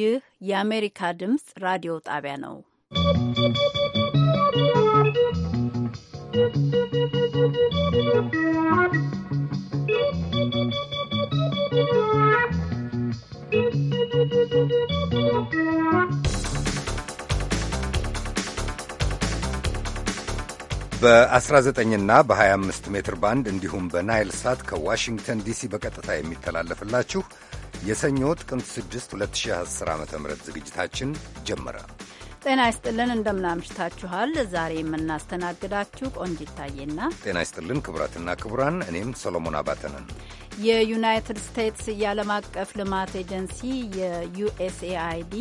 ይህ የአሜሪካ ድምፅ ራዲዮ ጣቢያ ነው። በ19ና በ25 ሜትር ባንድ እንዲሁም በናይል ሳት ከዋሽንግተን ዲሲ በቀጥታ የሚተላለፍላችሁ የሰኞ ጥቅምት 6 2010 ዓ ም ዝግጅታችን ጀመረ። ጤና ይስጥልን፣ እንደምናምሽታችኋል። ዛሬ የምናስተናግዳችሁ ቆንጅ ይታየና፣ ጤና ይስጥልን ክቡራትና ክቡራን፣ እኔም ሰሎሞን አባተንን። የዩናይትድ ስቴትስ የዓለም አቀፍ ልማት ኤጀንሲ የዩኤስኤአይዲ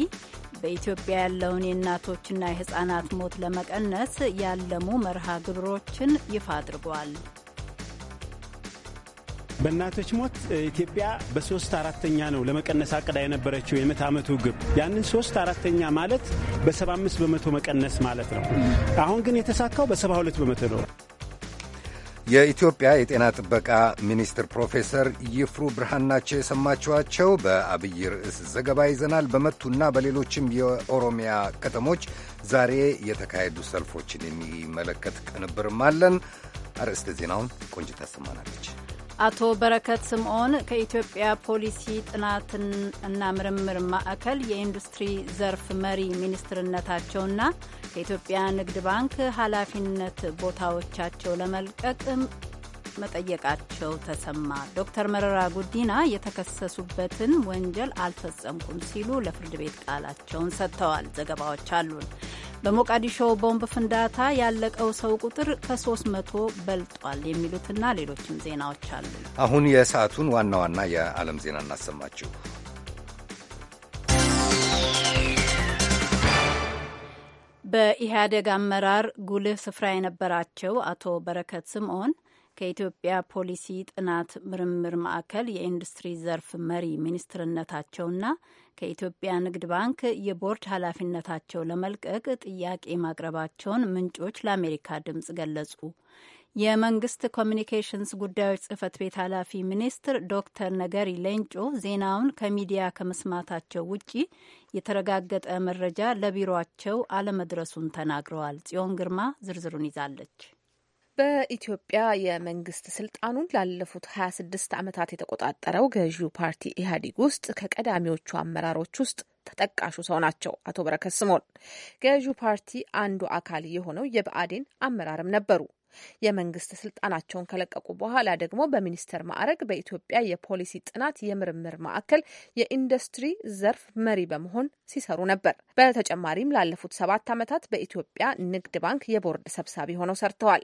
በኢትዮጵያ ያለውን የእናቶችና የሕፃናት ሞት ለመቀነስ ያለሙ መርሃ ግብሮችን ይፋ አድርጓል። በእናቶች ሞት ኢትዮጵያ በሶስት አራተኛ ነው ለመቀነስ አቅዳ የነበረችው የምዕተ ዓመቱ ግብ። ያንን ሶስት አራተኛ ማለት በ75 በመቶ መቀነስ ማለት ነው። አሁን ግን የተሳካው በ72 በመቶ ነው። የኢትዮጵያ የጤና ጥበቃ ሚኒስትር ፕሮፌሰር ይፍሩ ብርሃን ናቸው የሰማችኋቸው። በአብይ ርዕስ ዘገባ ይዘናል። በመቱና በሌሎችም የኦሮሚያ ከተሞች ዛሬ የተካሄዱ ሰልፎችን የሚመለከት ቅንብርም አለን። አርዕስተ ዜናውን ቆንጅት ታሰማናለች። አቶ በረከት ስምዖን ከኢትዮጵያ ፖሊሲ እና ምርምር ማዕከል የኢንዱስትሪ ዘርፍ መሪ ሚኒስትርነታቸውና ከኢትዮጵያ ንግድ ባንክ ኃላፊነት ቦታዎቻቸው ለመልቀቅ መጠየቃቸው ተሰማ። ዶክተር መረራ ጉዲና የተከሰሱበትን ወንጀል አልፈጸምኩም ሲሉ ለፍርድ ቤት ቃላቸውን ሰጥተዋል። ዘገባዎች አሉን። በሞቃዲሾ ቦምብ ፍንዳታ ያለቀው ሰው ቁጥር ከ300 በልጧል። የሚሉትና ሌሎችም ዜናዎች አሉ። አሁን የሰዓቱን ዋና ዋና የዓለም ዜና እናሰማችሁ። በኢህአዴግ አመራር ጉልህ ስፍራ የነበራቸው አቶ በረከት ስምዖን ከኢትዮጵያ ፖሊሲ ጥናት ምርምር ማዕከል የኢንዱስትሪ ዘርፍ መሪ ሚኒስትርነታቸውና ከኢትዮጵያ ንግድ ባንክ የቦርድ ኃላፊነታቸው ለመልቀቅ ጥያቄ ማቅረባቸውን ምንጮች ለአሜሪካ ድምፅ ገለጹ። የመንግስት ኮሚኒኬሽንስ ጉዳዮች ጽህፈት ቤት ኃላፊ ሚኒስትር ዶክተር ነገሪ ሌንጮ ዜናውን ከሚዲያ ከመስማታቸው ውጪ የተረጋገጠ መረጃ ለቢሮቸው አለመድረሱን ተናግረዋል። ጽዮን ግርማ ዝርዝሩን ይዛለች። በኢትዮጵያ የመንግስት ስልጣኑን ላለፉት 26 ዓመታት የተቆጣጠረው ገዢው ፓርቲ ኢህአዴግ ውስጥ ከቀዳሚዎቹ አመራሮች ውስጥ ተጠቃሹ ሰው ናቸው አቶ በረከት ስምኦን። ገዢው ፓርቲ አንዱ አካል የሆነው የብአዴን አመራርም ነበሩ። የመንግስት ስልጣናቸውን ከለቀቁ በኋላ ደግሞ በሚኒስትር ማዕረግ በኢትዮጵያ የፖሊሲ ጥናት የምርምር ማዕከል የኢንዱስትሪ ዘርፍ መሪ በመሆን ሲሰሩ ነበር። በተጨማሪም ላለፉት ሰባት ዓመታት በኢትዮጵያ ንግድ ባንክ የቦርድ ሰብሳቢ ሆነው ሰርተዋል።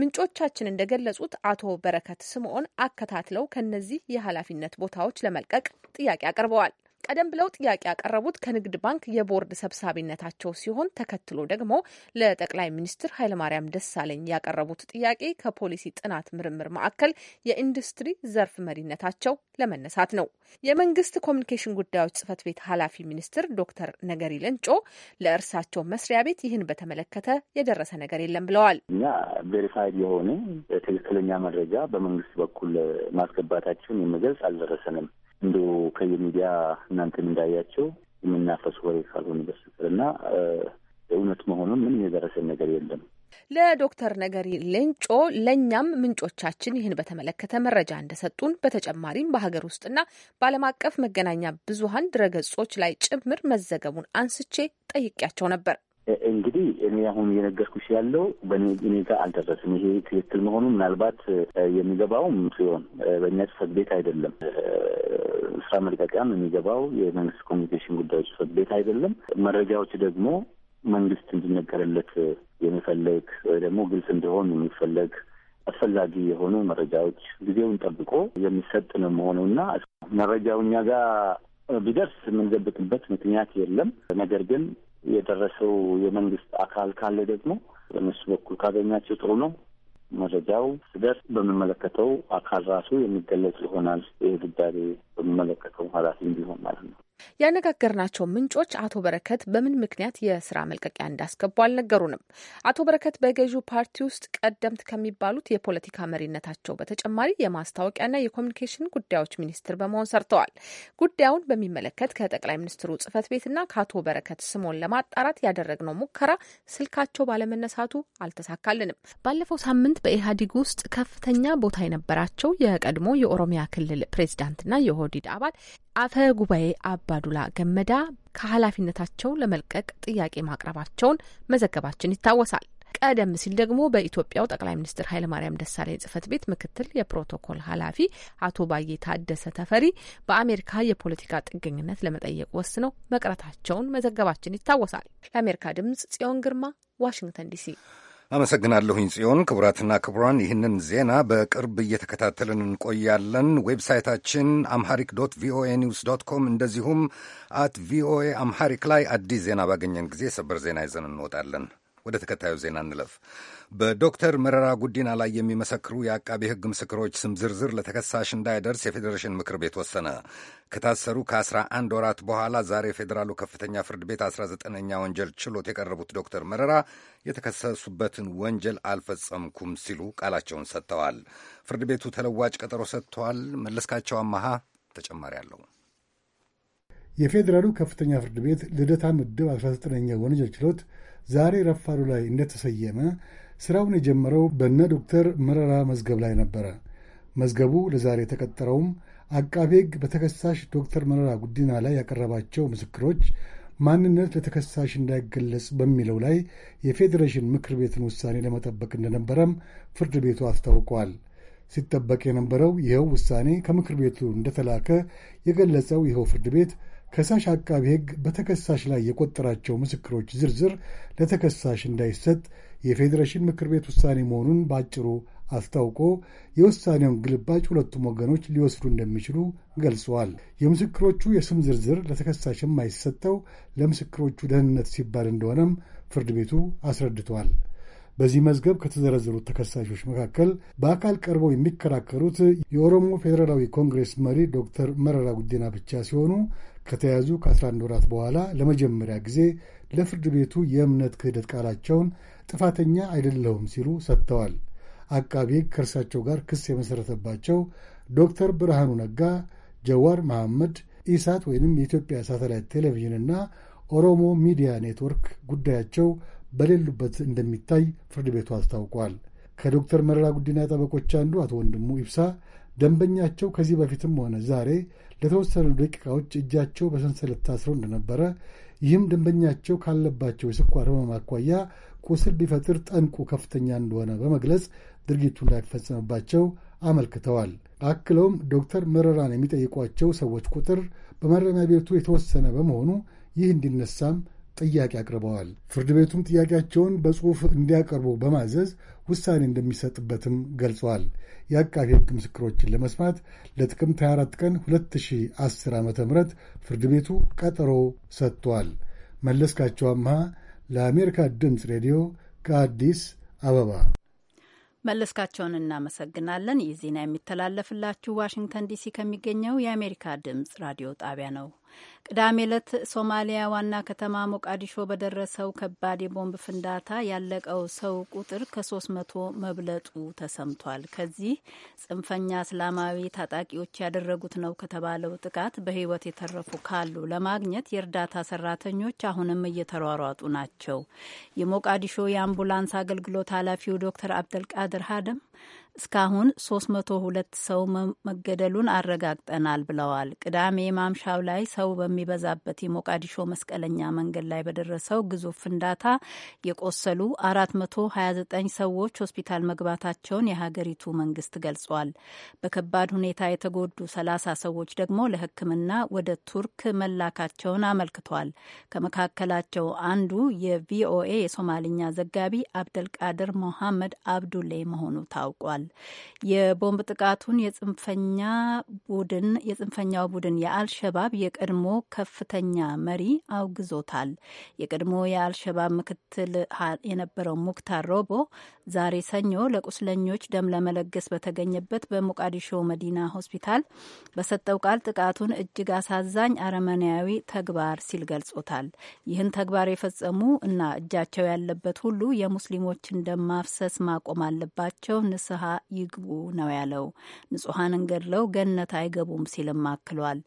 ምንጮቻችን እንደገለጹት አቶ በረከት ስምዖን አከታትለው ከነዚህ የኃላፊነት ቦታዎች ለመልቀቅ ጥያቄ አቅርበዋል። ቀደም ብለው ጥያቄ ያቀረቡት ከንግድ ባንክ የቦርድ ሰብሳቢነታቸው ሲሆን ተከትሎ ደግሞ ለጠቅላይ ሚኒስትር ኃይለማርያም ደሳለኝ ያቀረቡት ጥያቄ ከፖሊሲ ጥናት ምርምር ማዕከል የኢንዱስትሪ ዘርፍ መሪነታቸው ለመነሳት ነው። የመንግስት ኮሚኒኬሽን ጉዳዮች ጽህፈት ቤት ኃላፊ ሚኒስትር ዶክተር ነገሪ ለንጮ ለእርሳቸው መስሪያ ቤት ይህን በተመለከተ የደረሰ ነገር የለም ብለዋል። እኛ ቬሪፋይድ የሆነ ትክክለኛ መረጃ በመንግስት በኩል ማስገባታችን የሚገልጽ አልደረሰንም። እንዶ ከየሚዲያ እናንተም እንዳያቸው የምናፈሱ ወሬ ካልሆነ በስተቀር እና እውነት መሆኑን ምንም የደረሰን ነገር የለም። ለዶክተር ነገሪ ሌንጮ ለእኛም ምንጮቻችን ይህን በተመለከተ መረጃ እንደሰጡን በተጨማሪም በሀገር ውስጥና በዓለም አቀፍ መገናኛ ብዙሀን ድረገጾች ላይ ጭምር መዘገቡን አንስቼ ጠይቄያቸው ነበር። እንግዲህ እኔ አሁን እየነገርኩሽ ያለው በእኔ ጋር አልደረስም። ይሄ ትክክል መሆኑ ምናልባት የሚገባውም ሲሆን በእኛ ጽህፈት ቤት አይደለም። ስራ መልቀቂያም የሚገባው የመንግስት ኮሚኒኬሽን ጉዳዮች ጽህፈት ቤት አይደለም። መረጃዎች ደግሞ መንግስት እንዲነገርለት የሚፈለግ ወይ ደግሞ ግልጽ እንዲሆን የሚፈለግ አስፈላጊ የሆኑ መረጃዎች ጊዜውን ጠብቆ የሚሰጥ ነው መሆኑ እና መረጃው እኛ ጋር ቢደርስ የምንደብቅበት ምክንያት የለም። ነገር ግን የደረሰው የመንግስት አካል ካለ ደግሞ በእነሱ በኩል ካገኛቸው ጥሩ ነው። መረጃው ስደርስ በሚመለከተው አካል ራሱ የሚገለጽ ይሆናል። ይህ ጉዳይ በሚመለከተው ኃላፊ እንዲሆን ማለት ነው። ያነጋገርናቸው ምንጮች አቶ በረከት በምን ምክንያት የስራ መልቀቂያ እንዳስገቡ አልነገሩንም። አቶ በረከት በገዢው ፓርቲ ውስጥ ቀደምት ከሚባሉት የፖለቲካ መሪነታቸው በተጨማሪ የማስታወቂያና የኮሚኒኬሽን ጉዳዮች ሚኒስትር በመሆን ሰርተዋል። ጉዳዩን በሚመለከት ከጠቅላይ ሚኒስትሩ ጽህፈት ቤትና ከአቶ በረከት ስሞን ለማጣራት ያደረግነው ሙከራ ስልካቸው ባለመነሳቱ አልተሳካልንም። ባለፈው ሳምንት በኢህአዴግ ውስጥ ከፍተኛ ቦታ የነበራቸው የቀድሞ የኦሮሚያ ክልል ፕሬዚዳንትና የኦህዴድ አባል አፈ ጉባኤ አባዱላ ገመዳ ከኃላፊነታቸው ለመልቀቅ ጥያቄ ማቅረባቸውን መዘገባችን ይታወሳል። ቀደም ሲል ደግሞ በኢትዮጵያው ጠቅላይ ሚኒስትር ኃይለማርያም ደሳለኝ ጽህፈት ቤት ምክትል የፕሮቶኮል ኃላፊ አቶ ባዬ ታደሰ ተፈሪ በአሜሪካ የፖለቲካ ጥገኝነት ለመጠየቅ ወስነው መቅረታቸውን መዘገባችን ይታወሳል። ለአሜሪካ ድምጽ ጽዮን ግርማ ዋሽንግተን ዲሲ አመሰግናለሁኝ ጽዮን። ክቡራትና ክቡራን ይህንን ዜና በቅርብ እየተከታተልን እንቆያለን። ዌብሳይታችን አምሃሪክ ዶት ቪኦኤ ኒውስ ዶት ኮም፣ እንደዚሁም አት ቪኦኤ አምሃሪክ ላይ አዲስ ዜና ባገኘን ጊዜ ሰበር ዜና ይዘን እንወጣለን። ወደ ተከታዩ ዜና እንለፍ። በዶክተር መረራ ጉዲና ላይ የሚመሰክሩ የአቃቢ ሕግ ምስክሮች ስም ዝርዝር ለተከሳሽ እንዳይደርስ የፌዴሬሽን ምክር ቤት ወሰነ። ከታሰሩ ከ11 ወራት በኋላ ዛሬ ፌዴራሉ ከፍተኛ ፍርድ ቤት 19ኛ ወንጀል ችሎት የቀረቡት ዶክተር መረራ የተከሰሱበትን ወንጀል አልፈጸምኩም ሲሉ ቃላቸውን ሰጥተዋል። ፍርድ ቤቱ ተለዋጭ ቀጠሮ ሰጥተዋል። መለስካቸው አማሃ ተጨማሪ አለው። የፌዴራሉ ከፍተኛ ፍርድ ቤት ልደታ ምድብ 19ኛ ወንጀል ችሎት ዛሬ ረፋዱ ላይ እንደተሰየመ ስራውን የጀመረው በነ ዶክተር መረራ መዝገብ ላይ ነበረ። መዝገቡ ለዛሬ የተቀጠረውም አቃቤ ሕግ በተከሳሽ ዶክተር መረራ ጉዲና ላይ ያቀረባቸው ምስክሮች ማንነት ለተከሳሽ እንዳይገለጽ በሚለው ላይ የፌዴሬሽን ምክር ቤትን ውሳኔ ለመጠበቅ እንደነበረም ፍርድ ቤቱ አስታውቋል። ሲጠበቅ የነበረው ይኸው ውሳኔ ከምክር ቤቱ እንደተላከ የገለጸው ይኸው ፍርድ ቤት ከሳሽ አቃቢ ሕግ በተከሳሽ ላይ የቆጠራቸው ምስክሮች ዝርዝር ለተከሳሽ እንዳይሰጥ የፌዴሬሽን ምክር ቤት ውሳኔ መሆኑን በአጭሩ አስታውቆ የውሳኔውን ግልባጭ ሁለቱም ወገኖች ሊወስዱ እንደሚችሉ ገልጸዋል። የምስክሮቹ የስም ዝርዝር ለተከሳሽ የማይሰጠው ለምስክሮቹ ደህንነት ሲባል እንደሆነም ፍርድ ቤቱ አስረድቷል። በዚህ መዝገብ ከተዘረዘሩት ተከሳሾች መካከል በአካል ቀርበው የሚከራከሩት የኦሮሞ ፌዴራላዊ ኮንግሬስ መሪ ዶክተር መረራ ጉዲና ብቻ ሲሆኑ ከተያዙ ከ11 ወራት በኋላ ለመጀመሪያ ጊዜ ለፍርድ ቤቱ የእምነት ክህደት ቃላቸውን ጥፋተኛ አይደለሁም ሲሉ ሰጥተዋል። አቃቢ ሕግ ከእርሳቸው ጋር ክስ የመሠረተባቸው ዶክተር ብርሃኑ ነጋ፣ ጀዋር መሐመድ፣ ኢሳት ወይንም የኢትዮጵያ ሳተላይት ቴሌቪዥንና ኦሮሞ ሚዲያ ኔትወርክ ጉዳያቸው በሌሉበት እንደሚታይ ፍርድ ቤቱ አስታውቋል። ከዶክተር መረራ ጉዲና ጠበቆች አንዱ አቶ ወንድሙ ኢብሳ ደንበኛቸው ከዚህ በፊትም ሆነ ዛሬ ለተወሰኑ ደቂቃዎች እጃቸው በሰንሰለት ታስሮ እንደነበረ ይህም ደንበኛቸው ካለባቸው የስኳር ህመም አኳያ ቁስል ቢፈጥር ጠንቁ ከፍተኛ እንደሆነ በመግለጽ ድርጊቱ እንዳይፈጸምባቸው አመልክተዋል። አክለውም ዶክተር መረራን የሚጠይቋቸው ሰዎች ቁጥር በማረሚያ ቤቱ የተወሰነ በመሆኑ ይህ እንዲነሳም ጥያቄ አቅርበዋል። ፍርድ ቤቱም ጥያቄያቸውን በጽሑፍ እንዲያቀርቡ በማዘዝ ውሳኔ እንደሚሰጥበትም ገልጿል። የአቃቢ ሕግ ምስክሮችን ለመስማት ለጥቅምት 24 ቀን 2010 ዓ ም ፍርድ ቤቱ ቀጠሮ ሰጥቷል። መለስካቸው አምሃ ለአሜሪካ ድምፅ ሬዲዮ ከአዲስ አበባ መለስካቸውን እናመሰግናለን። ይህ ዜና የሚተላለፍላችሁ ዋሽንግተን ዲሲ ከሚገኘው የአሜሪካ ድምፅ ራዲዮ ጣቢያ ነው። ቅዳሜ ዕለት ሶማሊያ ዋና ከተማ ሞቃዲሾ በደረሰው ከባድ የቦምብ ፍንዳታ ያለቀው ሰው ቁጥር ከ300 መብለጡ ተሰምቷል። ከዚህ ጽንፈኛ እስላማዊ ታጣቂዎች ያደረጉት ነው ከተባለው ጥቃት በሕይወት የተረፉ ካሉ ለማግኘት የእርዳታ ሰራተኞች አሁንም እየተሯሯጡ ናቸው። የሞቃዲሾ የአምቡላንስ አገልግሎት ኃላፊው ዶክተር አብደልቃድር ሀደም እስካሁን 302 ሰው መገደሉን አረጋግጠናል ብለዋል። ቅዳሜ ማምሻው ላይ ሰው በሚበዛበት የሞቃዲሾ መስቀለኛ መንገድ ላይ በደረሰው ግዙፍ ፍንዳታ የቆሰሉ 429 ሰዎች ሆስፒታል መግባታቸውን የሀገሪቱ መንግስት ገልጿል። በከባድ ሁኔታ የተጎዱ 30 ሰዎች ደግሞ ለሕክምና ወደ ቱርክ መላካቸውን አመልክቷል። ከመካከላቸው አንዱ የቪኦኤ የሶማልኛ ዘጋቢ አብደልቃድር ሞሐመድ አብዱሌ መሆኑ ታውቋል። የቦምብ ጥቃቱን የጽንፈኛ ቡድን የጽንፈኛው ቡድን የአልሸባብ የቀድሞ ከፍተኛ መሪ አውግዞታል። የቀድሞ የአልሸባብ ምክትል የነበረው ሙክታር ሮቦ ዛሬ ሰኞ ለቁስለኞች ደም ለመለገስ በተገኘበት በሞቃዲሾ መዲና ሆስፒታል በሰጠው ቃል ጥቃቱን እጅግ አሳዛኝ አረመኔያዊ ተግባር ሲል ገልጾታል። ይህን ተግባር የፈጸሙ እና እጃቸው ያለበት ሁሉ የሙስሊሞችን ደም ማፍሰስ ማቆም አለባቸው፣ ንስሐ ይግቡ ነው ያለው። ንጹሐንን ገድለው ገነት አይገቡም ሲልም አክሏል።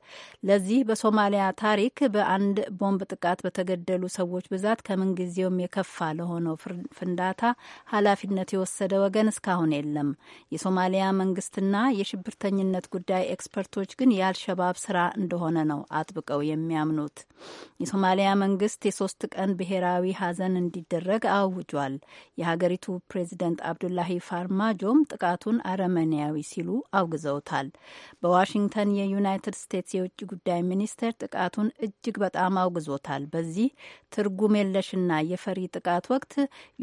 ለዚህ በሶማሊያ ታሪክ በአንድ ቦምብ ጥቃት በተገደሉ ሰዎች ብዛት ከምንጊዜውም የከፋ ለሆነው ፍንዳታ ኃላፊነት የወሰደ ወገን እስካሁን የለም። የሶማሊያ መንግስትና የሽብርተኝነት ጉዳይ ኤክስፐርቶች ግን የአልሸባብ ስራ እንደሆነ ነው አጥብቀው የሚያምኑት። የሶማሊያ መንግስት የሶስት ቀን ብሔራዊ ሀዘን እንዲደረግ አውጇል። የሀገሪቱ ፕሬዚደንት አብዱላሂ ፋርማጆም ጥቃቱን አረመኔያዊ ሲሉ አውግዘውታል። በዋሽንግተን የዩናይትድ ስቴትስ የውጭ ጉዳይ ሚኒስቴር ጥቃቱን እጅግ በጣም አውግዞታል። በዚህ ትርጉም የለሽና የፈሪ ጥቃት ወቅት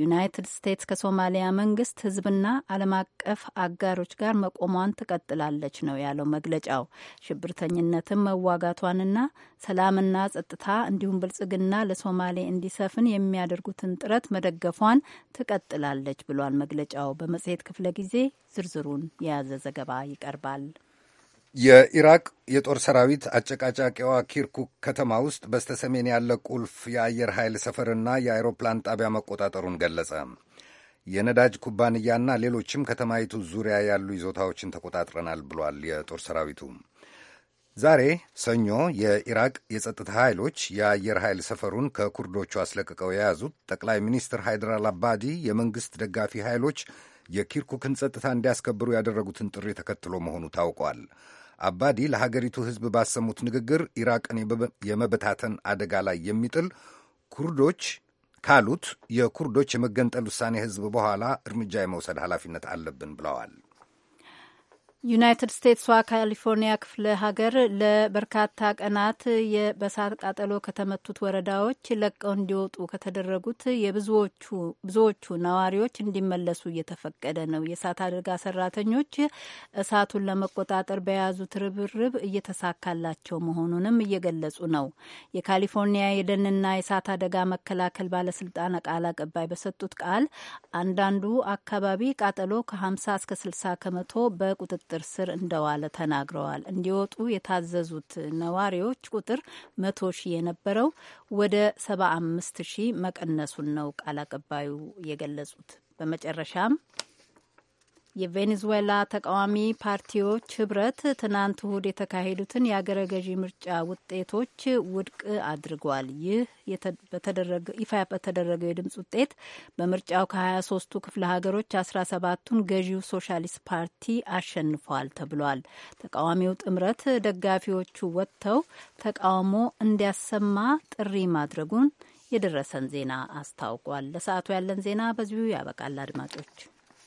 ዩናይትድ ስቴትስ ከሶማሊያ መንግስት ህዝብና ዓለም አቀፍ አጋሮች ጋር መቆሟን ትቀጥላለች ነው ያለው መግለጫው። ሽብርተኝነትን መዋጋቷንና ሰላምና ጸጥታ እንዲሁም ብልጽግና ለሶማሌ እንዲሰፍን የሚያደርጉትን ጥረት መደገፏን ትቀጥላለች ብሏል መግለጫው። በመጽሔት ክፍለ ጊዜ ዝርዝሩን የያዘ ዘገባ ይቀርባል። የኢራቅ የጦር ሰራዊት አጨቃጫቂዋ ኪርኩክ ከተማ ውስጥ በስተ ሰሜን ያለ ቁልፍ የአየር ኃይል ሰፈርና የአይሮፕላን ጣቢያ መቆጣጠሩን ገለጸ። የነዳጅ ኩባንያና ሌሎችም ከተማይቱ ዙሪያ ያሉ ይዞታዎችን ተቆጣጥረናል ብሏል የጦር ሰራዊቱ። ዛሬ ሰኞ የኢራቅ የጸጥታ ኃይሎች የአየር ኃይል ሰፈሩን ከኩርዶቹ አስለቅቀው የያዙት ጠቅላይ ሚኒስትር ሃይድር አልአባዲ የመንግሥት ደጋፊ ኃይሎች የኪርኩክን ጸጥታ እንዲያስከብሩ ያደረጉትን ጥሪ ተከትሎ መሆኑ ታውቋል። አባዲ ለሀገሪቱ ሕዝብ ባሰሙት ንግግር ኢራቅን የመበታተን አደጋ ላይ የሚጥል ኩርዶች ካሉት የኩርዶች የመገንጠል ውሳኔ ሕዝብ በኋላ እርምጃ የመውሰድ ኃላፊነት አለብን ብለዋል። ዩናይትድ ስቴትስዋ ካሊፎርኒያ ክፍለ ሀገር ለበርካታ ቀናት በእሳት ቃጠሎ ከተመቱት ወረዳዎች ለቀው እንዲወጡ ከተደረጉት የብዙዎቹ ነዋሪዎች እንዲመለሱ እየተፈቀደ ነው። የእሳት አደጋ ሰራተኞች እሳቱን ለመቆጣጠር በያዙት ርብርብ እየተሳካላቸው መሆኑንም እየገለጹ ነው። የካሊፎርኒያ የደንና የእሳት አደጋ መከላከል ባለስልጣን ቃል አቀባይ በሰጡት ቃል አንዳንዱ አካባቢ ቃጠሎ ከ50 እስከ 60 ከመቶ በቁጥጥር ቁጥር ስር እንደዋለ ተናግረዋል። እንዲወጡ የታዘዙት ነዋሪዎች ቁጥር መቶ ሺህ የነበረው ወደ ሰባ አምስት ሺህ መቀነሱን ነው ቃል አቀባዩ የገለጹት። በመጨረሻም የቬኔዙዌላ ተቃዋሚ ፓርቲዎች ህብረት ትናንት እሁድ የተካሄዱትን የአገረ ገዢ ምርጫ ውጤቶች ውድቅ አድርጓል። ይህ ይፋ በተደረገው የድምፅ ውጤት በምርጫው ከ23ቱ ክፍለ ሀገሮች 17ቱን ገዢው ሶሻሊስት ፓርቲ አሸንፏል ተብሏል። ተቃዋሚው ጥምረት ደጋፊዎቹ ወጥተው ተቃውሞ እንዲያሰማ ጥሪ ማድረጉን የደረሰን ዜና አስታውቋል። ለሰዓቱ ያለን ዜና በዚሁ ያበቃል አድማጮች።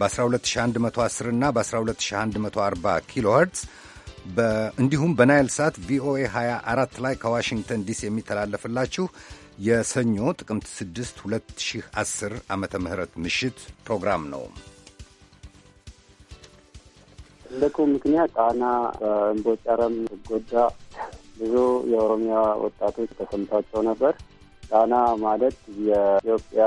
በ12110 እና በ12140 ኪሎ ኸርትዝ እንዲሁም በናይል ሳት ቪኦኤ 24 ላይ ከዋሽንግተን ዲሲ የሚተላለፍላችሁ የሰኞ ጥቅምት 6 2010 ዓ ምህረት ምሽት ፕሮግራም ነው። ትልቁ ምክንያት ጣና በእምቦጭ ጎዳ ብዙ የኦሮሚያ ወጣቶች ተሰምቷቸው ነበር። ጣና ማለት የኢትዮጵያ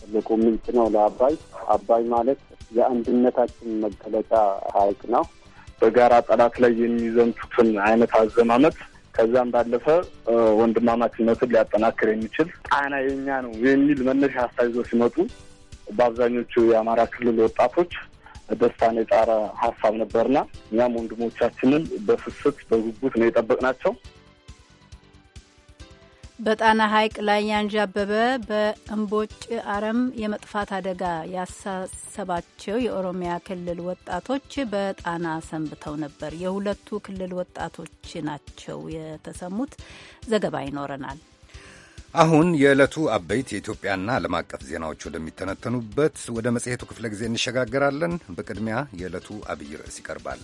ትልቁ ምንጭ ነው ለአባይ። አባይ ማለት የአንድነታችን መገለጫ ሀይቅ ነው። በጋራ ጠላት ላይ የሚዘምቱትን አይነት አዘማመት ከዛም ባለፈ ወንድማማችነትን ሊያጠናክር የሚችል ጣና የኛ ነው የሚል መነሻ ሀሳብ ይዞ ሲመጡ በአብዛኞቹ የአማራ ክልል ወጣቶች ደስታን የጣረ ሀሳብ ነበርና እኛም ወንድሞቻችንን በስስት በጉጉት ነው የጠበቅናቸው። በጣና ሐይቅ ላይ ያንዣበበ በእምቦጭ አረም የመጥፋት አደጋ ያሳሰባቸው የኦሮሚያ ክልል ወጣቶች በጣና ሰንብተው ነበር። የሁለቱ ክልል ወጣቶች ናቸው የተሰሙት። ዘገባ ይኖረናል። አሁን የዕለቱ አበይት የኢትዮጵያና ዓለም አቀፍ ዜናዎች ወደሚተነተኑበት ወደ መጽሔቱ ክፍለ ጊዜ እንሸጋገራለን። በቅድሚያ የዕለቱ አብይ ርዕስ ይቀርባል።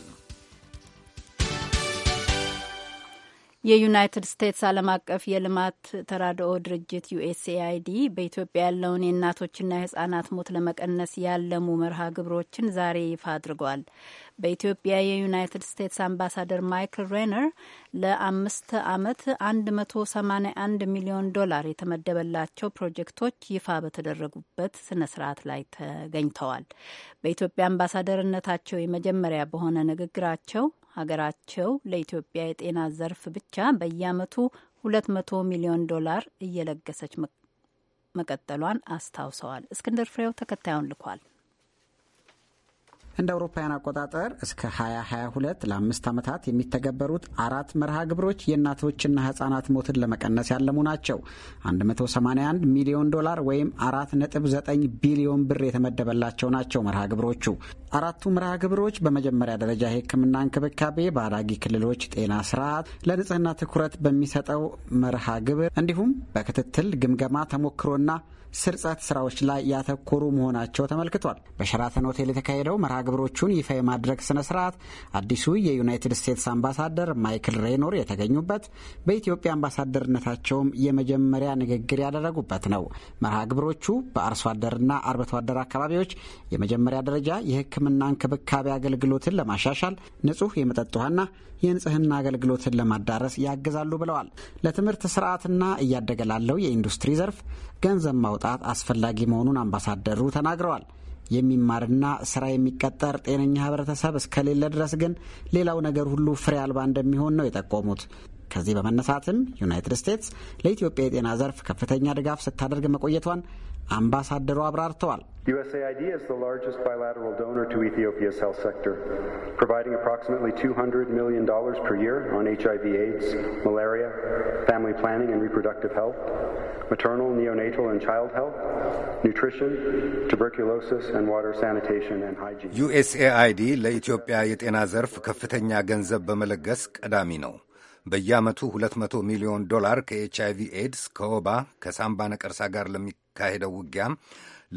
የዩናይትድ ስቴትስ ዓለም አቀፍ የልማት ተራድኦ ድርጅት ዩኤስኤአይዲ በኢትዮጵያ ያለውን የእናቶችና የህጻናት ሞት ለመቀነስ ያለሙ መርሃ ግብሮችን ዛሬ ይፋ አድርጓል። በኢትዮጵያ የዩናይትድ ስቴትስ አምባሳደር ማይክል ሬነር ለአምስት ዓመት 181 ሚሊዮን ዶላር የተመደበላቸው ፕሮጀክቶች ይፋ በተደረጉበት ስነ ስርዓት ላይ ተገኝተዋል። በኢትዮጵያ አምባሳደርነታቸው የመጀመሪያ በሆነ ንግግራቸው ሀገራቸው ለኢትዮጵያ የጤና ዘርፍ ብቻ በየዓመቱ 200 ሚሊዮን ዶላር እየለገሰች መቀጠሏን አስታውሰዋል። እስክንድር ፍሬው ተከታዩን ልኳል። እንደ አውሮፓውያን አቆጣጠር እስከ 2022 ለአምስት ዓመታት የሚተገበሩት አራት መርሃ ግብሮች የእናቶችና ህጻናት ሞትን ለመቀነስ ያለሙ ናቸው። 181 ሚሊዮን ዶላር ወይም 4.9 ቢሊዮን ብር የተመደበላቸው ናቸው መርሃ ግብሮቹ። አራቱ መርሃ ግብሮች በመጀመሪያ ደረጃ የህክምና እንክብካቤ፣ በአዳጊ ክልሎች ጤና ስርዓት፣ ለንጽህና ትኩረት በሚሰጠው መርሃ ግብር እንዲሁም በክትትል ግምገማ ተሞክሮና ስርጸት ስራዎች ላይ ያተኮሩ መሆናቸው ተመልክቷል። በሸራተን ሆቴል የተካሄደው መርሃ ግብሮቹን ይፋ የማድረግ ስነ ስርዓት አዲሱ የዩናይትድ ስቴትስ አምባሳደር ማይክል ሬኖር የተገኙበት፣ በኢትዮጵያ አምባሳደርነታቸውም የመጀመሪያ ንግግር ያደረጉበት ነው። መርሃ ግብሮቹ በአርሶ አደርና አርብቶ አደር አካባቢዎች የመጀመሪያ ደረጃ የሕክምና እንክብካቤ አገልግሎትን ለማሻሻል ንጹህ የመጠጥ ውሃና የንጽህና አገልግሎትን ለማዳረስ ያግዛሉ ብለዋል። ለትምህርት ስርዓትና እያደገ ላለው የኢንዱስትሪ ዘርፍ ገንዘብ ማውጣት አስፈላጊ መሆኑን አምባሳደሩ ተናግረዋል። የሚማርና ስራ የሚቀጠር ጤነኛ ህብረተሰብ እስከሌለ ድረስ ግን ሌላው ነገር ሁሉ ፍሬ አልባ እንደሚሆን ነው የጠቆሙት። ከዚህ በመነሳትም ዩናይትድ ስቴትስ ለኢትዮጵያ የጤና ዘርፍ ከፍተኛ ድጋፍ ስታደርግ መቆየቷን አምባሳደሩ አብራርተዋል። USAID is the largest bilateral donor to Ethiopia's health sector, providing approximately $200 million per year on HIV AIDS, malaria, family planning and reproductive health, maternal, neonatal and child health, nutrition, tuberculosis and water sanitation and hygiene. USAID ለኢትዮጵያ የጤና ዘርፍ ከፍተኛ ገንዘብ በመለገስ ቀዳሚ ነው። በየዓመቱ 200 ሚሊዮን ዶላር ከኤች አይቪ ኤድስ፣ ከወባ፣ ከሳምባ ነቀርሳ ጋር ለሚካሄደው ውጊያ፣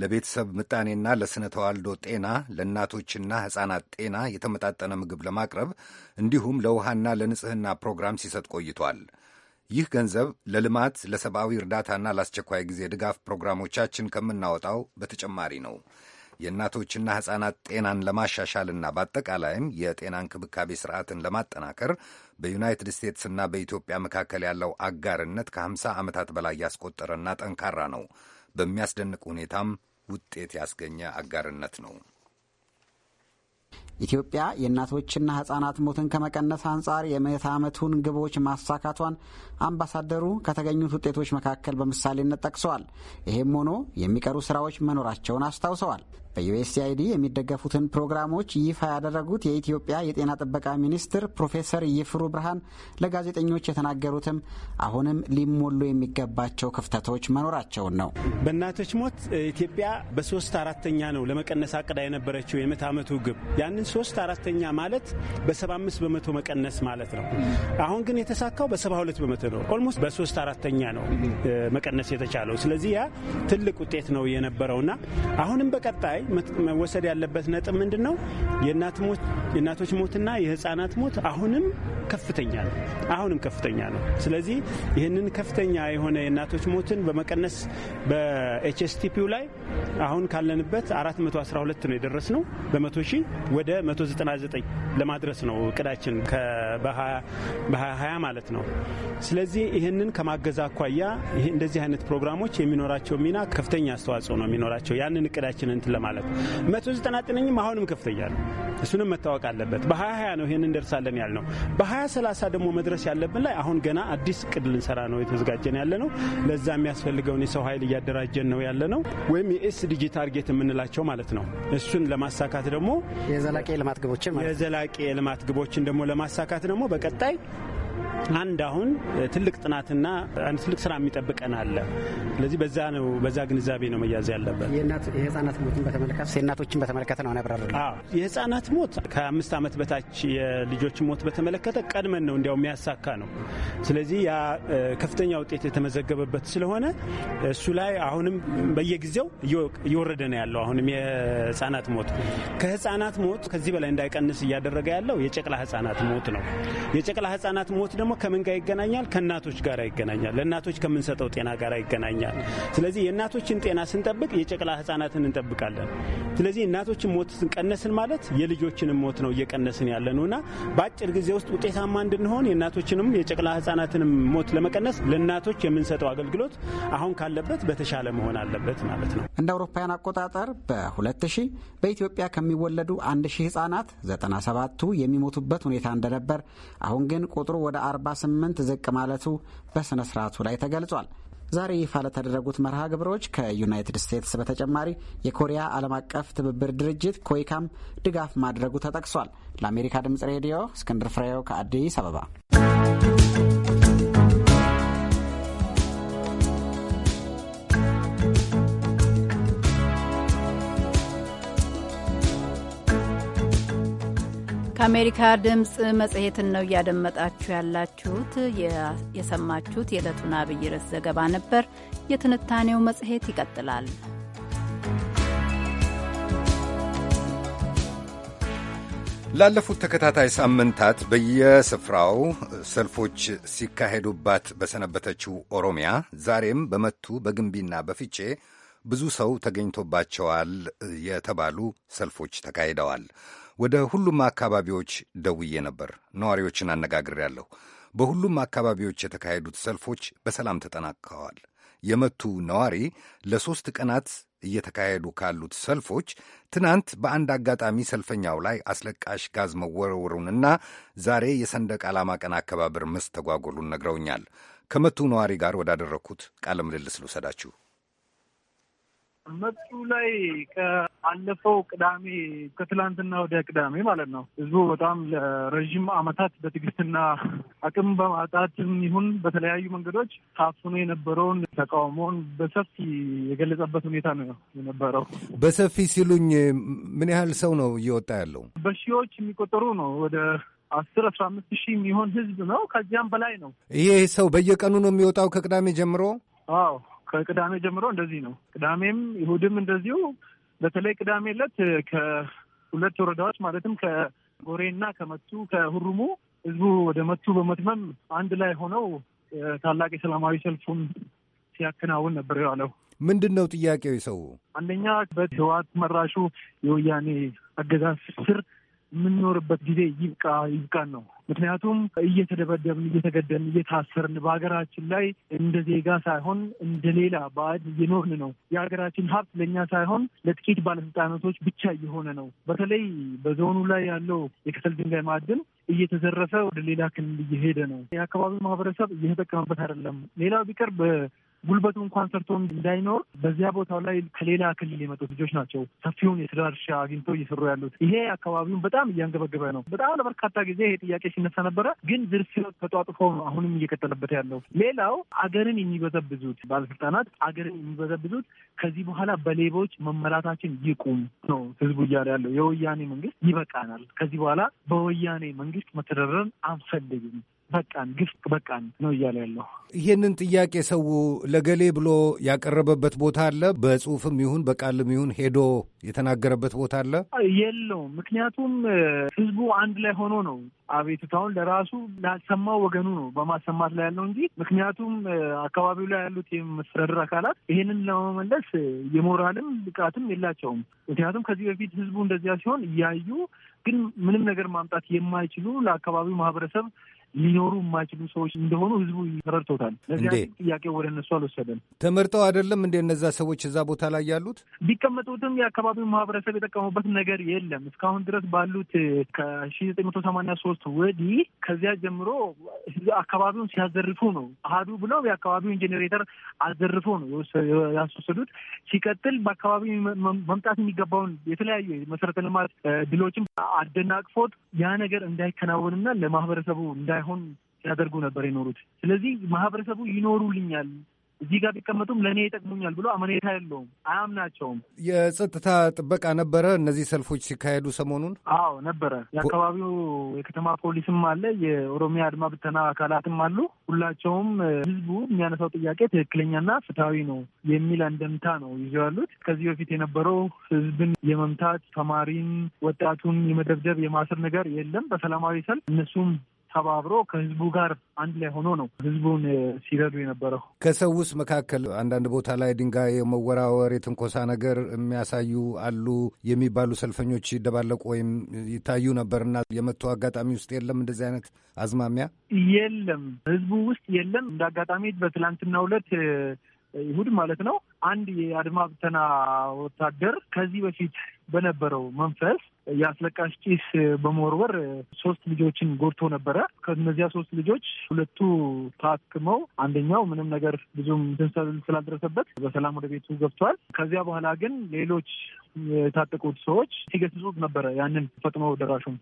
ለቤተሰብ ምጣኔና ለስነ ተዋልዶ ጤና፣ ለእናቶችና ሕፃናት ጤና የተመጣጠነ ምግብ ለማቅረብ እንዲሁም ለውሃና ለንጽህና ፕሮግራም ሲሰጥ ቆይቷል። ይህ ገንዘብ ለልማት ለሰብአዊ እርዳታና ለአስቸኳይ ጊዜ ድጋፍ ፕሮግራሞቻችን ከምናወጣው በተጨማሪ ነው። የእናቶችና ሕፃናት ጤናን ለማሻሻልና በአጠቃላይም የጤና እንክብካቤ ስርዓትን ለማጠናከር በዩናይትድ ስቴትስና በኢትዮጵያ መካከል ያለው አጋርነት ከ50 ዓመታት በላይ ያስቆጠረና ጠንካራ ነው። በሚያስደንቅ ሁኔታም ውጤት ያስገኘ አጋርነት ነው። ኢትዮጵያ የእናቶችና ህጻናት ሞትን ከመቀነስ አንጻር የምዕተ ዓመቱን ግቦች ማሳካቷን አምባሳደሩ ከተገኙት ውጤቶች መካከል በምሳሌነት ጠቅሰዋል። ይህም ሆኖ የሚቀሩ ስራዎች መኖራቸውን አስታውሰዋል። በዩኤስአይዲ የሚደገፉትን ፕሮግራሞች ይፋ ያደረጉት የኢትዮጵያ የጤና ጥበቃ ሚኒስትር ፕሮፌሰር ይፍሩ ብርሃን ለጋዜጠኞች የተናገሩትም አሁንም ሊሞሉ የሚገባቸው ክፍተቶች መኖራቸውን ነው። በእናቶች ሞት ኢትዮጵያ በሶስት አራተኛ ነው ለመቀነስ አቅዳ የነበረችው የምዕተ ዓመቱ ግብ ያንን ሶስት አራተኛ ማለት በ75 በመቶ መቀነስ ማለት ነው። አሁን ግን የተሳካው በሰባ ሁለት በመቶ ነው። ኦልሞስት በሶስት አራተኛ ነው መቀነስ የተቻለው። ስለዚህ ያ ትልቅ ውጤት ነው የነበረውና አሁንም በቀጣይ መወሰድ ያለበት ነጥብ ምንድን ነው? የእናቶች ሞትና የህፃናት ሞት አሁንም ከፍተኛ ነው። አሁንም ከፍተኛ ነው። ስለዚህ ይህንን ከፍተኛ የሆነ የእናቶች ሞትን በመቀነስ በኤችኤስቲፒው ላይ አሁን ካለንበት 412 ነው የደረስ ነው በመቶ ሺህ ወደ 199 ለማድረስ ነው እቅዳችን በ2020 ማለት ነው። ስለዚህ ይህንን ከማገዝ አኳያ እንደዚህ አይነት ፕሮግራሞች የሚኖራቸው ሚና ከፍተኛ አስተዋጽኦ ነው የሚኖራቸው ያንን እቅዳችንን ለማለት ማለት መቶ ዘጠና ዘጠነኝም አሁንም ከፍተኛ ነው። እሱንም መታወቅ አለበት። በሀያ ሀያ ነው ይህን እንደርሳለን ያል ነው። በሀያ ሰላሳ ደግሞ መድረስ ያለብን ላይ አሁን ገና አዲስ እቅድ ልንሰራ ነው የተዘጋጀን ያለ ነው። ለዛ የሚያስፈልገውን የሰው ኃይል እያደራጀን ነው ያለ ነው። ወይም ዲጂ ታርጌት የምንላቸው ማለት ነው። እሱን ለማሳካት ደግሞ የዘላቂ የልማት ግቦችን የዘላቂ የልማት ግቦችን ደግሞ ለማሳካት ደግሞ በቀጣይ አንድ አሁን ትልቅ ጥናትና አንድ ትልቅ ስራ የሚጠብቀን አለ። ስለዚህ በዛ ነው በዛ ግንዛቤ ነው መያዝ ያለበት። የህጻናት ሞትን በተመለከተ የእናቶችን በተመለከተ ነው ነብራሉ። የህጻናት ሞት ከአምስት ዓመት በታች የልጆችን ሞት በተመለከተ ቀድመን ነው እንዲያው የሚያሳካ ነው። ስለዚህ ያ ከፍተኛ ውጤት የተመዘገበበት ስለሆነ እሱ ላይ አሁንም በየጊዜው እየወረደ ነው ያለው። አሁንም የህጻናት ሞት ከህጻናት ሞት ከዚህ በላይ እንዳይቀንስ እያደረገ ያለው የጨቅላ ህጻናት ሞት ነው። የጨቅላ ህጻናት ሞት ደግሞ ከምን ጋር ይገናኛል? ከእናቶች ጋር ይገናኛል። ለእናቶች ከምንሰጠው ጤና ጋር ይገናኛል። ስለዚህ የእናቶችን ጤና ስንጠብቅ የጨቅላ ህጻናትን እንጠብቃለን። ስለዚህ እናቶችን ሞት ቀነስን ማለት የልጆችንም ሞት ነው እየቀነስን ያለ ነውና በአጭር ጊዜ ውስጥ ውጤታማ እንድንሆን የእናቶችንም የጨቅላ ህጻናትንም ሞት ለመቀነስ ለእናቶች የምንሰጠው አገልግሎት አሁን ካለበት በተሻለ መሆን አለበት ማለት ነው። እንደ አውሮፓውያን አቆጣጠር በ2000 በኢትዮጵያ ከሚወለዱ 1000 ህጻናት 97ቱ የሚሞቱበት ሁኔታ እንደነበር አሁን ግን ቁጥሩ ወደ 48 ዝቅ ማለቱ በሥነ ሥርዓቱ ላይ ተገልጿል። ዛሬ ይፋ ለተደረጉት መርሃ ግብሮች ከዩናይትድ ስቴትስ በተጨማሪ የኮሪያ ዓለም አቀፍ ትብብር ድርጅት ኮይካም ድጋፍ ማድረጉ ተጠቅሷል። ለአሜሪካ ድምፅ ሬዲዮ እስክንድር ፍሬው ከአዲስ አበባ ከአሜሪካ ድምፅ መጽሔትን ነው እያደመጣችሁ ያላችሁት። የሰማችሁት የዕለቱን አብይ ርዕስ ዘገባ ነበር። የትንታኔው መጽሔት ይቀጥላል። ላለፉት ተከታታይ ሳምንታት በየስፍራው ሰልፎች ሲካሄዱባት በሰነበተችው ኦሮሚያ ዛሬም በመቱ በግንቢና በፍቼ ብዙ ሰው ተገኝቶባቸዋል የተባሉ ሰልፎች ተካሂደዋል። ወደ ሁሉም አካባቢዎች ደውዬ ነበር። ነዋሪዎችን አነጋግሬያለሁ። በሁሉም አካባቢዎች የተካሄዱት ሰልፎች በሰላም ተጠናቀዋል። የመቱ ነዋሪ ለሦስት ቀናት እየተካሄዱ ካሉት ሰልፎች ትናንት በአንድ አጋጣሚ ሰልፈኛው ላይ አስለቃሽ ጋዝ መወረወሩንና ዛሬ የሰንደቅ ዓላማ ቀን አከባበር መስተጓጎሉን ነግረውኛል። ከመቱ ነዋሪ ጋር ወዳደረግኩት ቃለ ምልልስ ልውሰዳችሁ። መቱ ላይ አለፈው ቅዳሜ ከትላንትና ወደ ቅዳሜ ማለት ነው ህዝቡ በጣም ለረዥም አመታት በትግስትና አቅም በማጣትም ይሁን በተለያዩ መንገዶች ታፍኖ የነበረውን ተቃውሞውን በሰፊ የገለጸበት ሁኔታ ነው የነበረው። በሰፊ ሲሉኝ ምን ያህል ሰው ነው እየወጣ ያለው? በሺዎች የሚቆጠሩ ነው። ወደ አስር አስራ አምስት ሺህ የሚሆን ህዝብ ነው። ከዚያም በላይ ነው። ይሄ ሰው በየቀኑ ነው የሚወጣው ከቅዳሜ ጀምሮ? አዎ ከቅዳሜ ጀምሮ እንደዚህ ነው። ቅዳሜም ይሁድም እንደዚሁ በተለይ ቅዳሜ ዕለት ከሁለት ወረዳዎች ማለትም ከጎሬና ከመቱ ከሁሩሙ ህዝቡ ወደ መቱ በመትመም አንድ ላይ ሆነው ታላቅ የሰላማዊ ሰልፉን ሲያከናውን ነበር የዋለው። ምንድን ነው ጥያቄው? ሰው አንደኛ በህወሓት መራሹ የወያኔ አገዛዝ ስር የምንኖርበት ጊዜ ይብቃ ይብቃን ነው። ምክንያቱም እየተደበደብን፣ እየተገደልን፣ እየታሰርን በሀገራችን ላይ እንደ ዜጋ ሳይሆን እንደ ሌላ ባዕድ እየኖርን ነው። የሀገራችን ሀብት ለእኛ ሳይሆን ለጥቂት ባለስልጣናቶች ብቻ እየሆነ ነው። በተለይ በዞኑ ላይ ያለው የከሰል ድንጋይ ማዕድን እየተዘረፈ ወደ ሌላ ክልል እየሄደ ነው። የአካባቢው ማህበረሰብ እየተጠቀመበት አይደለም። ሌላው ቢቀር ጉልበቱ እንኳን ሰርቶ እንዳይኖር በዚያ ቦታው ላይ ከሌላ ክልል የመጡት ልጆች ናቸው ሰፊውን የስራ እርሻ አግኝቶ እየሰሩ ያሉት። ይሄ አካባቢውን በጣም እያንገበገበ ነው። በጣም ለበርካታ ጊዜ ይሄ ጥያቄ ሲነሳ ነበረ፣ ግን ዝርፊያው ተጧጥፎ ነው አሁንም እየቀጠለበት ያለው። ሌላው አገርን የሚበዘብዙት ባለስልጣናት አገርን የሚበዘብዙት ከዚህ በኋላ በሌቦች መመራታችን ይቁም ነው ህዝቡ እያለ ያለው። የወያኔ መንግስት ይበቃናል፣ ከዚህ በኋላ በወያኔ መንግስት መተዳደርን አንፈልግም በቃን ግፍ በቃን ነው እያለ ያለው። ይህንን ጥያቄ ሰው ለገሌ ብሎ ያቀረበበት ቦታ አለ? በጽሁፍም ይሁን በቃልም ይሁን ሄዶ የተናገረበት ቦታ አለ? የለውም። ምክንያቱም ህዝቡ አንድ ላይ ሆኖ ነው አቤቱታውን ለራሱ ላልሰማው ወገኑ ነው በማሰማት ላይ ያለው እንጂ ምክንያቱም አካባቢው ላይ ያሉት የመስተዳድር አካላት ይህንን ለመመለስ የሞራልም ብቃትም የላቸውም። ምክንያቱም ከዚህ በፊት ህዝቡ እንደዚያ ሲሆን እያዩ ግን ምንም ነገር ማምጣት የማይችሉ ለአካባቢው ማህበረሰብ ሊኖሩ የማይችሉ ሰዎች እንደሆኑ ህዝቡ ተረድቶታል። ለዚያ ጥያቄ ወደ እነሱ አልወሰደም። ተመርጠው አይደለም እንደ እነዛ ሰዎች እዛ ቦታ ላይ ያሉት ቢቀመጡትም የአካባቢው ማህበረሰብ የጠቀሙበት ነገር የለም። እስካሁን ድረስ ባሉት ከሺ ዘጠኝ መቶ ሰማንያ ሶስት ወዲህ ከዚያ ጀምሮ አካባቢውን ሲያዘርፉ ነው አህዱ ብለው የአካባቢውን ጄኔሬተር አዘርፎ ነው ያስወሰዱት። ሲቀጥል በአካባቢ መምጣት የሚገባውን የተለያዩ መሰረተ ልማት ድሎችም አደናቅፎት ያ ነገር እንዳይከናወንና ለማህበረሰቡ እንዳይ ሳይሆን ሲያደርጉ ነበር የኖሩት። ስለዚህ ማህበረሰቡ ይኖሩልኛል እዚህ ጋር ቢቀመጡም ለእኔ ይጠቅሙኛል ብሎ አመኔታ የለውም፣ አያምናቸውም። የጸጥታ ጥበቃ ነበረ እነዚህ ሰልፎች ሲካሄዱ ሰሞኑን? አዎ ነበረ። የአካባቢው የከተማ ፖሊስም አለ፣ የኦሮሚያ አድማ ብተና አካላትም አሉ። ሁላቸውም ህዝቡ የሚያነሳው ጥያቄ ትክክለኛና ፍትሐዊ ነው የሚል አንደምታ ነው ይዘው ያሉት። ከዚህ በፊት የነበረው ህዝብን የመምታት ተማሪን፣ ወጣቱን የመደብደብ የማስር ነገር የለም። በሰላማዊ ሰልፍ እነሱም ተባብሮ ከህዝቡ ጋር አንድ ላይ ሆኖ ነው ህዝቡን ሲረዱ የነበረው። ከሰው ውስጥ መካከል አንዳንድ ቦታ ላይ ድንጋይ የመወራወር የትንኮሳ ነገር የሚያሳዩ አሉ የሚባሉ ሰልፈኞች ይደባለቁ ወይም ይታዩ ነበርና የመቶ አጋጣሚ ውስጥ የለም እንደዚህ አይነት አዝማሚያ የለም፣ ህዝቡ ውስጥ የለም። እንደ አጋጣሚ በትላንትናው ዕለት ይሁድ ማለት ነው አንድ የአድማ ብተና ወታደር ከዚህ በፊት በነበረው መንፈስ የአስለቃሽ ጭስ በመወርወር ሶስት ልጆችን ጎድቶ ነበረ። ከእነዚያ ሶስት ልጆች ሁለቱ ታክመው፣ አንደኛው ምንም ነገር ብዙም ስላልደረሰበት በሰላም ወደ ቤቱ ገብቷል። ከዚያ በኋላ ግን ሌሎች የታጠቁት ሰዎች ሲገስጹት ነበረ። ያንን ፈጥኖ ደራሹን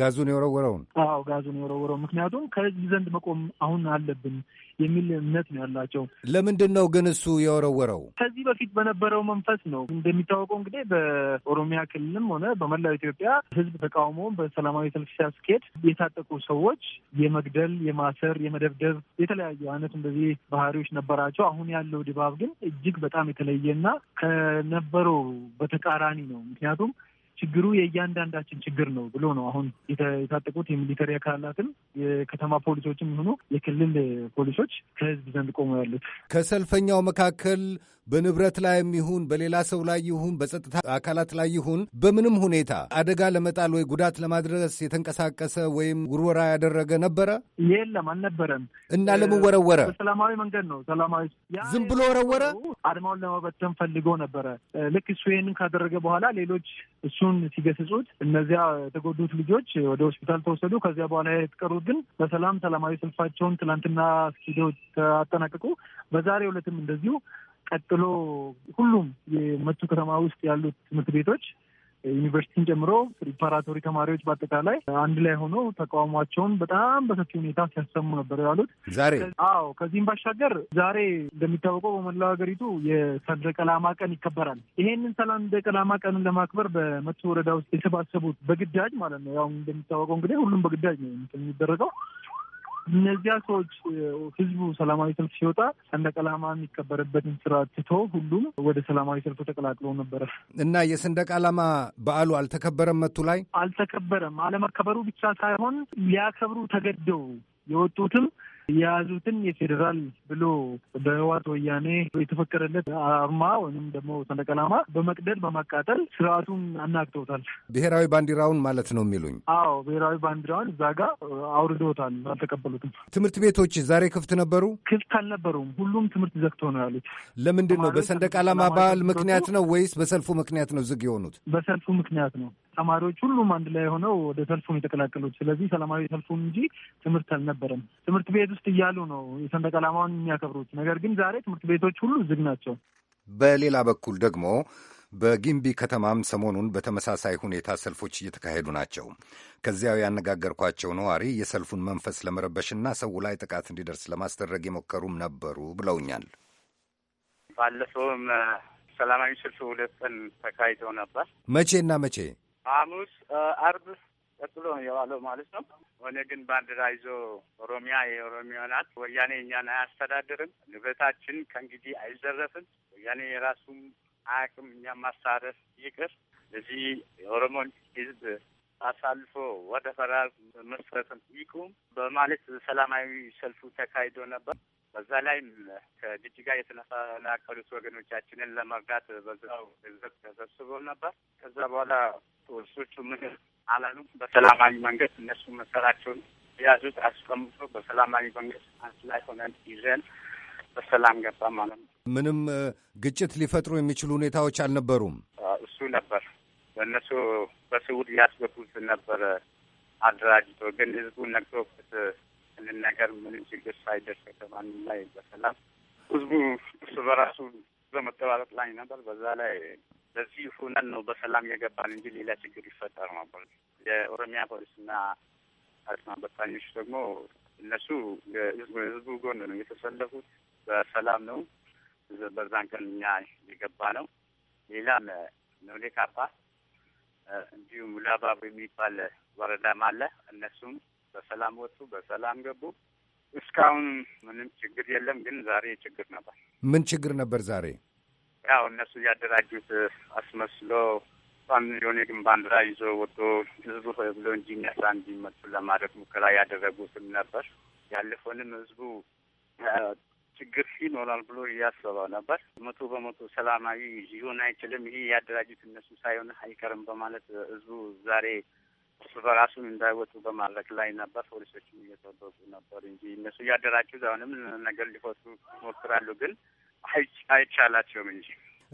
ጋዙን የወረወረውን። አዎ ጋዙን የወረወረው። ምክንያቱም ከህዝብ ዘንድ መቆም አሁን አለብን የሚል እምነት ነው ያላቸው። ለምንድን ነው ግን እሱ የወረወረው? ከዚህ በፊት በነበረው መንፈስ ነው። እንደሚታወቀው እንግዲህ በኦሮሚያ ክልልም ሆነ በመላው ኢትዮጵያ ህዝብ ተቃውሞ በሰላማዊ ሰልፍ ሲያስኬድ የታጠቁ ሰዎች የመግደል፣ የማሰር፣ የመደብደብ የተለያዩ አይነት እንደዚህ ባህሪዎች ነበራቸው። አሁን ያለው ድባብ ግን እጅግ በጣም የተለየና ከነበረው በተቃ ተቃራኒ ነው። ምክንያቱም ችግሩ የእያንዳንዳችን ችግር ነው ብሎ ነው አሁን የታጠቁት የሚሊተሪ አካላትም የከተማ ፖሊሶችም ሆኑ የክልል ፖሊሶች ከህዝብ ዘንድ ቆመው ያሉት። ከሰልፈኛው መካከል በንብረት ላይም ይሁን በሌላ ሰው ላይ ይሁን በጸጥታ አካላት ላይ ይሁን በምንም ሁኔታ አደጋ ለመጣል ወይ ጉዳት ለማድረስ የተንቀሳቀሰ ወይም ውርወራ ያደረገ ነበረ? የለም፣ አልነበረም። እና ለምን ወረወረ? በሰላማዊ መንገድ ነው። ሰላማዊ ዝም ብሎ ወረወረ። አድማውን ለመበተን ፈልጎ ነበረ። ልክ እሱ ይህንን ካደረገ በኋላ ሌሎች እሱን ሲገስጹት፣ እነዚያ የተጎዱት ልጆች ወደ ሆስፒታል ተወሰዱ። ከዚያ በኋላ የተቀሩት ግን በሰላም ሰላማዊ ሰልፋቸውን ትላንትና እስኪ አጠናቀቁ። በዛሬ ሁለትም እንደዚሁ ቀጥሎ ሁሉም የመቱ ከተማ ውስጥ ያሉት ትምህርት ቤቶች ዩኒቨርሲቲን ጨምሮ ፕሪፓራቶሪ ተማሪዎች በአጠቃላይ አንድ ላይ ሆኖ ተቃውሟቸውን በጣም በሰፊ ሁኔታ ሲያሰሙ ነበር ያሉት ዛሬ። አዎ ከዚህም ባሻገር ዛሬ እንደሚታወቀው በመላው ሀገሪቱ የሰንደቅ ዓላማ ቀን ይከበራል። ይሄንን ሰንደቅ ዓላማ ቀንን ለማክበር በመቱ ወረዳ ውስጥ የተሰባሰቡት በግዳጅ ማለት ነው። ያው እንደሚታወቀው እንግዲህ ሁሉም በግዳጅ ነው የሚደረገው እነዚያ ሰዎች ህዝቡ ሰላማዊ ሰልፍ ሲወጣ ሰንደቅ ዓላማ የሚከበርበትን ስራ ትቶ ሁሉም ወደ ሰላማዊ ሰልፉ ተቀላቅሎ ነበረ እና የሰንደቅ ዓላማ በዓሉ አልተከበረም። መቱ ላይ አልተከበረም። አለመከበሩ ብቻ ሳይሆን ሊያከብሩ ተገደው የወጡትም የያዙትን የፌዴራል ብሎ በህዋት ወያኔ የተፈቀደለት አርማ ወይም ደግሞ ሰንደቅ ዓላማ በመቅደል በማቃጠል ስርዓቱን አናግተውታል። ብሔራዊ ባንዲራውን ማለት ነው የሚሉኝ? አዎ ብሔራዊ ባንዲራውን እዛ ጋ አውርዶታል። አልተቀበሉትም። ትምህርት ቤቶች ዛሬ ክፍት ነበሩ? ክፍት አልነበሩም። ሁሉም ትምህርት ዘግቶ ነው ያሉት። ለምንድን ነው? በሰንደቅ ዓላማ በዓል ምክንያት ነው ወይስ በሰልፉ ምክንያት ነው ዝግ የሆኑት? በሰልፉ ምክንያት ነው። ተማሪዎች ሁሉም አንድ ላይ ሆነው ወደ ሰልፉን የተቀላቀሉት። ስለዚህ ሰላማዊ ሰልፉን እንጂ ትምህርት አልነበረም። ትምህርት ቤት ውስጥ እያሉ ነው የሰንደቅ ዓላማውን የሚያከብሩት። ነገር ግን ዛሬ ትምህርት ቤቶች ሁሉ ዝግ ናቸው። በሌላ በኩል ደግሞ በጊምቢ ከተማም ሰሞኑን በተመሳሳይ ሁኔታ ሰልፎች እየተካሄዱ ናቸው። ከዚያው ያነጋገርኳቸው ነዋሪ የሰልፉን መንፈስ ለመረበሽና ሰው ላይ ጥቃት እንዲደርስ ለማስደረግ የሞከሩም ነበሩ ብለውኛል። ባለፈውም ሰላማዊ ሰልፍ ሁለት ቀን ተካሂደው ነበር። መቼና መቼ ሐሙስ፣ አርብ ቀጥሎ የዋለው ማለት ነው። ሆነ ግን ባንዲራ ይዞ ኦሮሚያ የኦሮሚያ ናት፣ ወያኔ እኛን አያስተዳድርም፣ ንብረታችን ከእንግዲህ አይዘረፍም፣ ወያኔ የራሱም አያውቅም፣ እኛም ማሳረፍ ይቅር። እዚህ የኦሮሞን ህዝብ አሳልፎ ወደ ፈራር መስረትም ይቁም በማለት ሰላማዊ ሰልፉ ተካሂዶ ነበር። በዛ ላይም ከጅጅጋ የተፈናቀሉት ወገኖቻችንን ለመርዳት በዛው ህዝብ ተሰብስቦ ነበር። ከዛ በኋላ ፖሊሶቹ ምን አላሉ። በሰላማዊ መንገድ እነሱ መሰላቸውን የያዙት አስቀምጦ በሰላማዊ መንገድ አንድ ላይ ሆነን ይዘን በሰላም ገባ ማለት ነው። ምንም ግጭት ሊፈጥሩ የሚችሉ ሁኔታዎች አልነበሩም። እሱ ነበር በእነሱ በስውር ሊያስገቡት ነበር አደራጅቶ ግን ህዝቡ ነግቶበት ምንም ነገር ምንም ችግር ሳይደርስ ከተማንም ላይ በሰላም ህዝቡ እርስ በራሱ በመጠባበቅ ላይ ነበር። በዛ ላይ በዚህ ሁነን ነው በሰላም የገባን እንጂ ሌላ ችግር ይፈጠር ነበር። የኦሮሚያ ፖሊስና አድማ በታኞች ደግሞ እነሱ ህዝቡ ጎን ነው የተሰለፉት። በሰላም ነው በዛን ቀን እኛ የገባ ነው። ሌላም ኖሌ እንዲሁም ላባብ የሚባል ወረዳም አለ እነሱም በሰላም ወጡ፣ በሰላም ገቡ። እስካሁን ምንም ችግር የለም። ግን ዛሬ ችግር ነበር። ምን ችግር ነበር ዛሬ? ያው እነሱ ያደራጁት አስመስሎ ፋሚሊዮን የግን ባንዲራ ይዞ ወጥቶ ህዝቡ ብሎ እንጂ ነሳ እንዲመጡ ለማድረግ ሙከራ ያደረጉትም ነበር። ያለፈውንም ህዝቡ ችግር ይኖራል ብሎ እያሰበው ነበር። መቶ በመቶ ሰላማዊ ሊሆን አይችልም፣ ይህ ያደራጁት እነሱ ሳይሆን አይቀርም በማለት ህዝቡ ዛሬ በራሱን እንዳይወጡ በማድረግ ላይ ነበር። ፖሊሶችም እየጠበቁ ነበር እንጂ እነሱ እያደራቸው አሁንም ነገር ሊፈቱ ሞክራሉ፣ ግን አይቻላቸውም እንጂ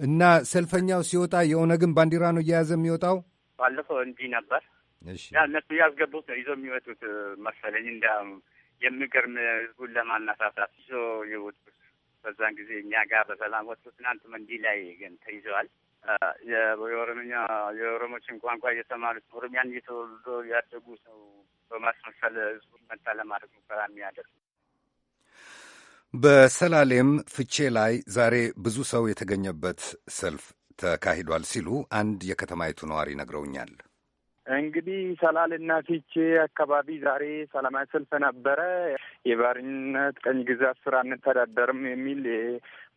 እና ሰልፈኛው ሲወጣ የኦነግን ባንዲራ ነው እየያዘ የሚወጣው። ባለፈው እንዲህ ነበር። ያ እነሱ ያስገቡት ነው ይዞ የሚወጡት መሰለኝ። እንደ የሚገርም ህዝቡን ለማነሳሳት ይዞ የወጡት በዛን ጊዜ እኛ ጋር በሰላም ወጡ። ትናንት መንዲ ላይ ግን ተይዘዋል። የኦሮምኛ የኦሮሞችን ቋንቋ እየተማሩ ኦሮሚያን እየተወልዶ ያደጉ ሰው በማስመሰል ህዝቡን መታ ለማድረግ ሙከራ የሚያደርግ በሰላሌም ፍቼ ላይ ዛሬ ብዙ ሰው የተገኘበት ሰልፍ ተካሂዷል ሲሉ አንድ የከተማይቱ ነዋሪ ነግረውኛል። እንግዲህ ሰላሌና ፊቼ አካባቢ ዛሬ ሰላማዊ ሰልፍ ነበረ። የባርነት ቀኝ ግዛት ስራ አንተዳደርም የሚል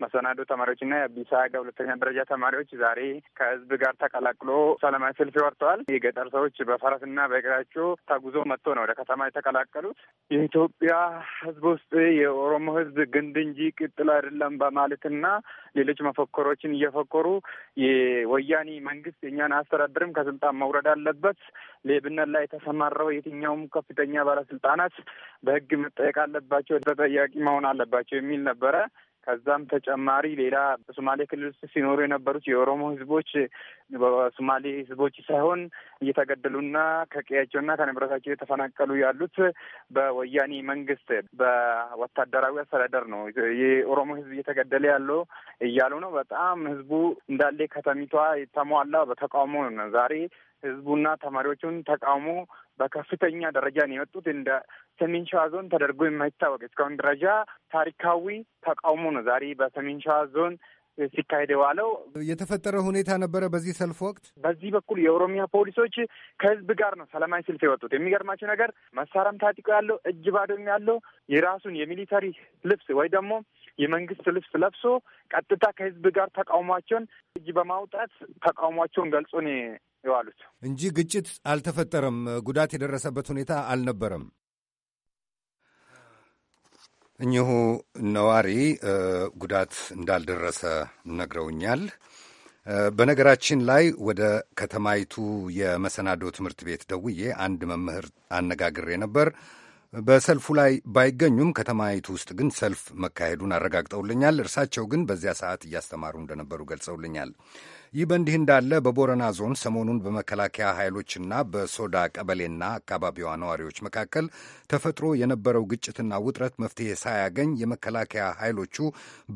መሰናዶ ተማሪዎችና የአዲስ አበባ ሁለተኛ ደረጃ ተማሪዎች ዛሬ ከህዝብ ጋር ተቀላቅሎ ሰላማዊ ሰልፍ ወጥተዋል። የገጠር ሰዎች በፈረስና በእግራቸው ተጉዞ መጥቶ ነው ወደ ከተማ የተቀላቀሉት። የኢትዮጵያ ህዝብ ውስጥ የኦሮሞ ህዝብ ግንድ እንጂ ቅጥል አይደለም በማለትና ሌሎች መፈክሮችን እየፈከሩ የወያኔ መንግስት የእኛን አያስተዳድርም፣ ከስልጣን መውረድ አለበት፣ ሌብነት ላይ የተሰማራው የትኛውም ከፍተኛ ባለስልጣናት በህግ መጠየቅ አለባቸው፣ ተጠያቂ መሆን አለባቸው የሚል ነበረ። ከዛም ተጨማሪ ሌላ በሶማሌ ክልል ውስጥ ሲኖሩ የነበሩት የኦሮሞ ህዝቦች በሶማሌ ህዝቦች ሳይሆን እየተገደሉና ከቀያቸውና ከንብረታቸው የተፈናቀሉ ያሉት በወያኔ መንግስት በወታደራዊ አስተዳደር ነው። የኦሮሞ ህዝብ እየተገደለ ያለው እያሉ ነው። በጣም ህዝቡ እንዳለ ከተሚቷ የተሟላ በተቃውሞ ነው። ዛሬ ህዝቡና ተማሪዎቹን ተቃውሞ በከፍተኛ ደረጃ ነው የወጡት። እንደ ሰሜን ሸዋ ዞን ተደርጎ የማይታወቅ እስካሁን ደረጃ ታሪካዊ ተቃውሞ ነው ዛሬ በሰሜን ሸዋ ዞን ሲካሄድ የዋለው የተፈጠረ ሁኔታ ነበረ። በዚህ ሰልፍ ወቅት በዚህ በኩል የኦሮሚያ ፖሊሶች ከህዝብ ጋር ነው ሰላማዊ ሰልፍ የወጡት። የሚገርማቸው ነገር መሳሪያም ታጥቆ ያለው እጅ ባዶም ያለው የራሱን የሚሊተሪ ልብስ ወይ ደግሞ የመንግስት ልብስ ለብሶ ቀጥታ ከህዝብ ጋር ተቃውሟቸውን እጅ በማውጣት ተቃውሟቸውን ገልጾ የዋሉት እንጂ ግጭት አልተፈጠረም። ጉዳት የደረሰበት ሁኔታ አልነበረም። እኚሁ ነዋሪ ጉዳት እንዳልደረሰ ነግረውኛል። በነገራችን ላይ ወደ ከተማይቱ የመሰናዶ ትምህርት ቤት ደውዬ አንድ መምህር አነጋግሬ ነበር። በሰልፉ ላይ ባይገኙም ከተማይቱ ውስጥ ግን ሰልፍ መካሄዱን አረጋግጠውልኛል። እርሳቸው ግን በዚያ ሰዓት እያስተማሩ እንደነበሩ ገልጸውልኛል። ይህ በእንዲህ እንዳለ በቦረና ዞን ሰሞኑን በመከላከያ ኃይሎችና በሶዳ ቀበሌና አካባቢዋ ነዋሪዎች መካከል ተፈጥሮ የነበረው ግጭትና ውጥረት መፍትሄ ሳያገኝ የመከላከያ ኃይሎቹ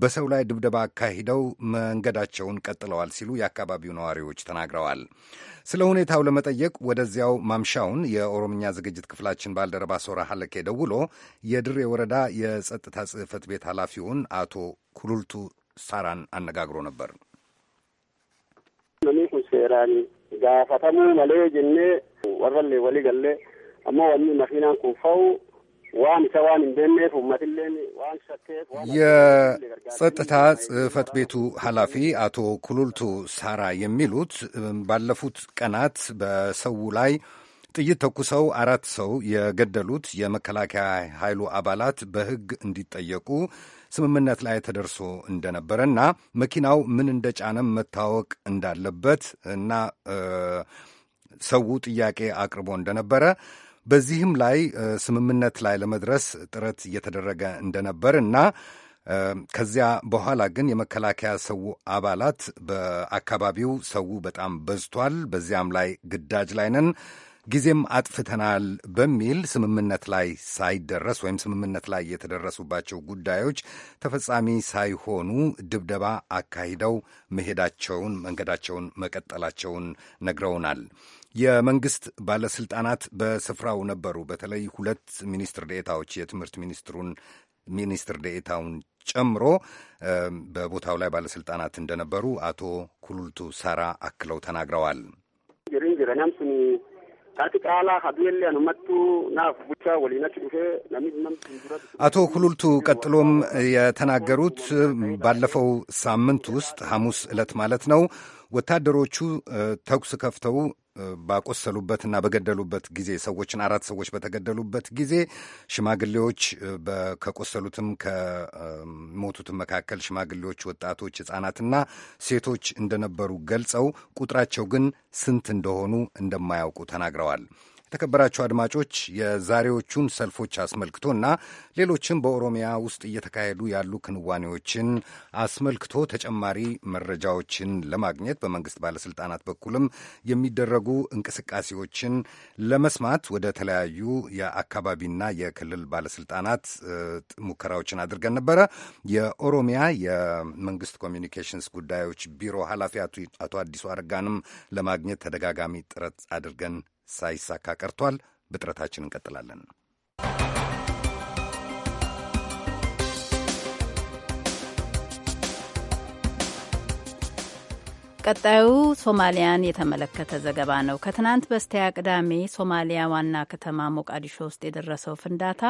በሰው ላይ ድብደባ አካሂደው መንገዳቸውን ቀጥለዋል ሲሉ የአካባቢው ነዋሪዎች ተናግረዋል። ስለ ሁኔታው ለመጠየቅ ወደዚያው ማምሻውን የኦሮምኛ ዝግጅት ክፍላችን ባልደረባ ሶራ ሀለኬ ደውሎ የድሬ ወረዳ የጸጥታ ጽህፈት ቤት ኃላፊውን አቶ ኩሉልቱ ሳራን አነጋግሮ ነበር። Namni kun seeraan gaafatamuu malee jennee warra illee walii gallee ammoo wanni makiinaan kun fa'u waan isa waan hin beekneef uummatilleen waan shakkeef የጸጥታ ጽህፈት ቤቱ ኃላፊ አቶ ኩሉልቱ ሳራ የሚሉት ባለፉት ቀናት በሰው ላይ ጥይት ተኩሰው አራት ሰው የገደሉት የመከላከያ ኃይሉ አባላት በሕግ እንዲጠየቁ ስምምነት ላይ ተደርሶ እንደነበረና መኪናው ምን እንደጫነም መታወቅ እንዳለበት እና ሰው ጥያቄ አቅርቦ እንደነበረ በዚህም ላይ ስምምነት ላይ ለመድረስ ጥረት እየተደረገ እንደነበር እና ከዚያ በኋላ ግን የመከላከያ ሰው አባላት በአካባቢው ሰው በጣም በዝቷል፣ በዚያም ላይ ግዳጅ ላይ ነን ጊዜም አጥፍተናል በሚል ስምምነት ላይ ሳይደረስ ወይም ስምምነት ላይ የተደረሱባቸው ጉዳዮች ተፈጻሚ ሳይሆኑ ድብደባ አካሂደው መሄዳቸውን መንገዳቸውን መቀጠላቸውን ነግረውናል። የመንግስት ባለስልጣናት በስፍራው ነበሩ። በተለይ ሁለት ሚኒስትር ዴኤታዎች የትምህርት ሚኒስትሩን ሚኒስትር ዴኤታውን ጨምሮ በቦታው ላይ ባለስልጣናት እንደነበሩ አቶ ኩሉልቱ ሳራ አክለው ተናግረዋል። አቶ ኩሉልቱ ቀጥሎም የተናገሩት ባለፈው ሳምንት ውስጥ ሐሙስ ዕለት ማለት ነው ወታደሮቹ ተኩስ ከፍተው ባቆሰሉበትና በገደሉበት ጊዜ ሰዎችን አራት ሰዎች በተገደሉበት ጊዜ ሽማግሌዎች ከቆሰሉትም ከሞቱትም መካከል ሽማግሌዎች፣ ወጣቶች፣ ሕጻናትና ሴቶች እንደነበሩ ገልጸው ቁጥራቸው ግን ስንት እንደሆኑ እንደማያውቁ ተናግረዋል። የተከበራቸው አድማጮች የዛሬዎቹን ሰልፎች አስመልክቶና ሌሎችም በኦሮሚያ ውስጥ እየተካሄዱ ያሉ ክንዋኔዎችን አስመልክቶ ተጨማሪ መረጃዎችን ለማግኘት በመንግስት ባለስልጣናት በኩልም የሚደረጉ እንቅስቃሴዎችን ለመስማት ወደ ተለያዩ የአካባቢና የክልል ባለስልጣናት ሙከራዎችን አድርገን ነበረ። የኦሮሚያ የመንግስት ኮሚኒኬሽንስ ጉዳዮች ቢሮ ኃላፊ አቶ አዲሱ አረጋንም ለማግኘት ተደጋጋሚ ጥረት አድርገን ሳይሳካ ቀርቷል። በጥረታችን እንቀጥላለን። ቀጣዩ ሶማሊያን የተመለከተ ዘገባ ነው። ከትናንት በስቲያ ቅዳሜ ሶማሊያ ዋና ከተማ ሞቃዲሾ ውስጥ የደረሰው ፍንዳታ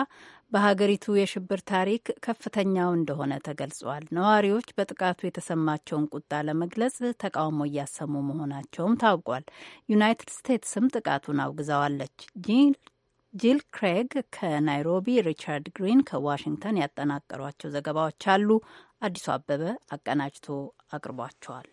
በሀገሪቱ የሽብር ታሪክ ከፍተኛው እንደሆነ ተገልጿል። ነዋሪዎች በጥቃቱ የተሰማቸውን ቁጣ ለመግለጽ ተቃውሞ እያሰሙ መሆናቸውም ታውቋል። ዩናይትድ ስቴትስም ጥቃቱን አውግዛዋለች። ጂል ክሬግ ከናይሮቢ፣ ሪቻርድ ግሪን ከዋሽንግተን ያጠናቀሯቸው ዘገባዎች አሉ። አዲሱ አበበ አቀናጅቶ አቅርቧቸዋል።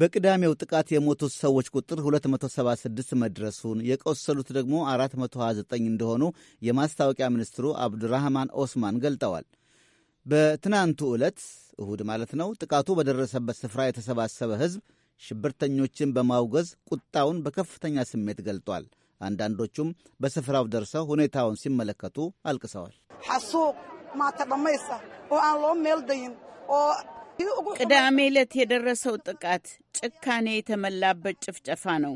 በቅዳሜው ጥቃት የሞቱት ሰዎች ቁጥር 276 መድረሱን የቆሰሉት ደግሞ 429 እንደሆኑ የማስታወቂያ ሚኒስትሩ አብዱራህማን ኦስማን ገልጠዋል። በትናንቱ ዕለት እሁድ ማለት ነው። ጥቃቱ በደረሰበት ስፍራ የተሰባሰበ ሕዝብ ሽብርተኞችን በማውገዝ ቁጣውን በከፍተኛ ስሜት ገልጧል። አንዳንዶቹም በስፍራው ደርሰው ሁኔታውን ሲመለከቱ አልቅሰዋል። ሐሱቅ ማተበመይሳ ኦ ሜልደይን ቅዳሜ ዕለት የደረሰው ጥቃት ጭካኔ የተመላበት ጭፍጨፋ ነው።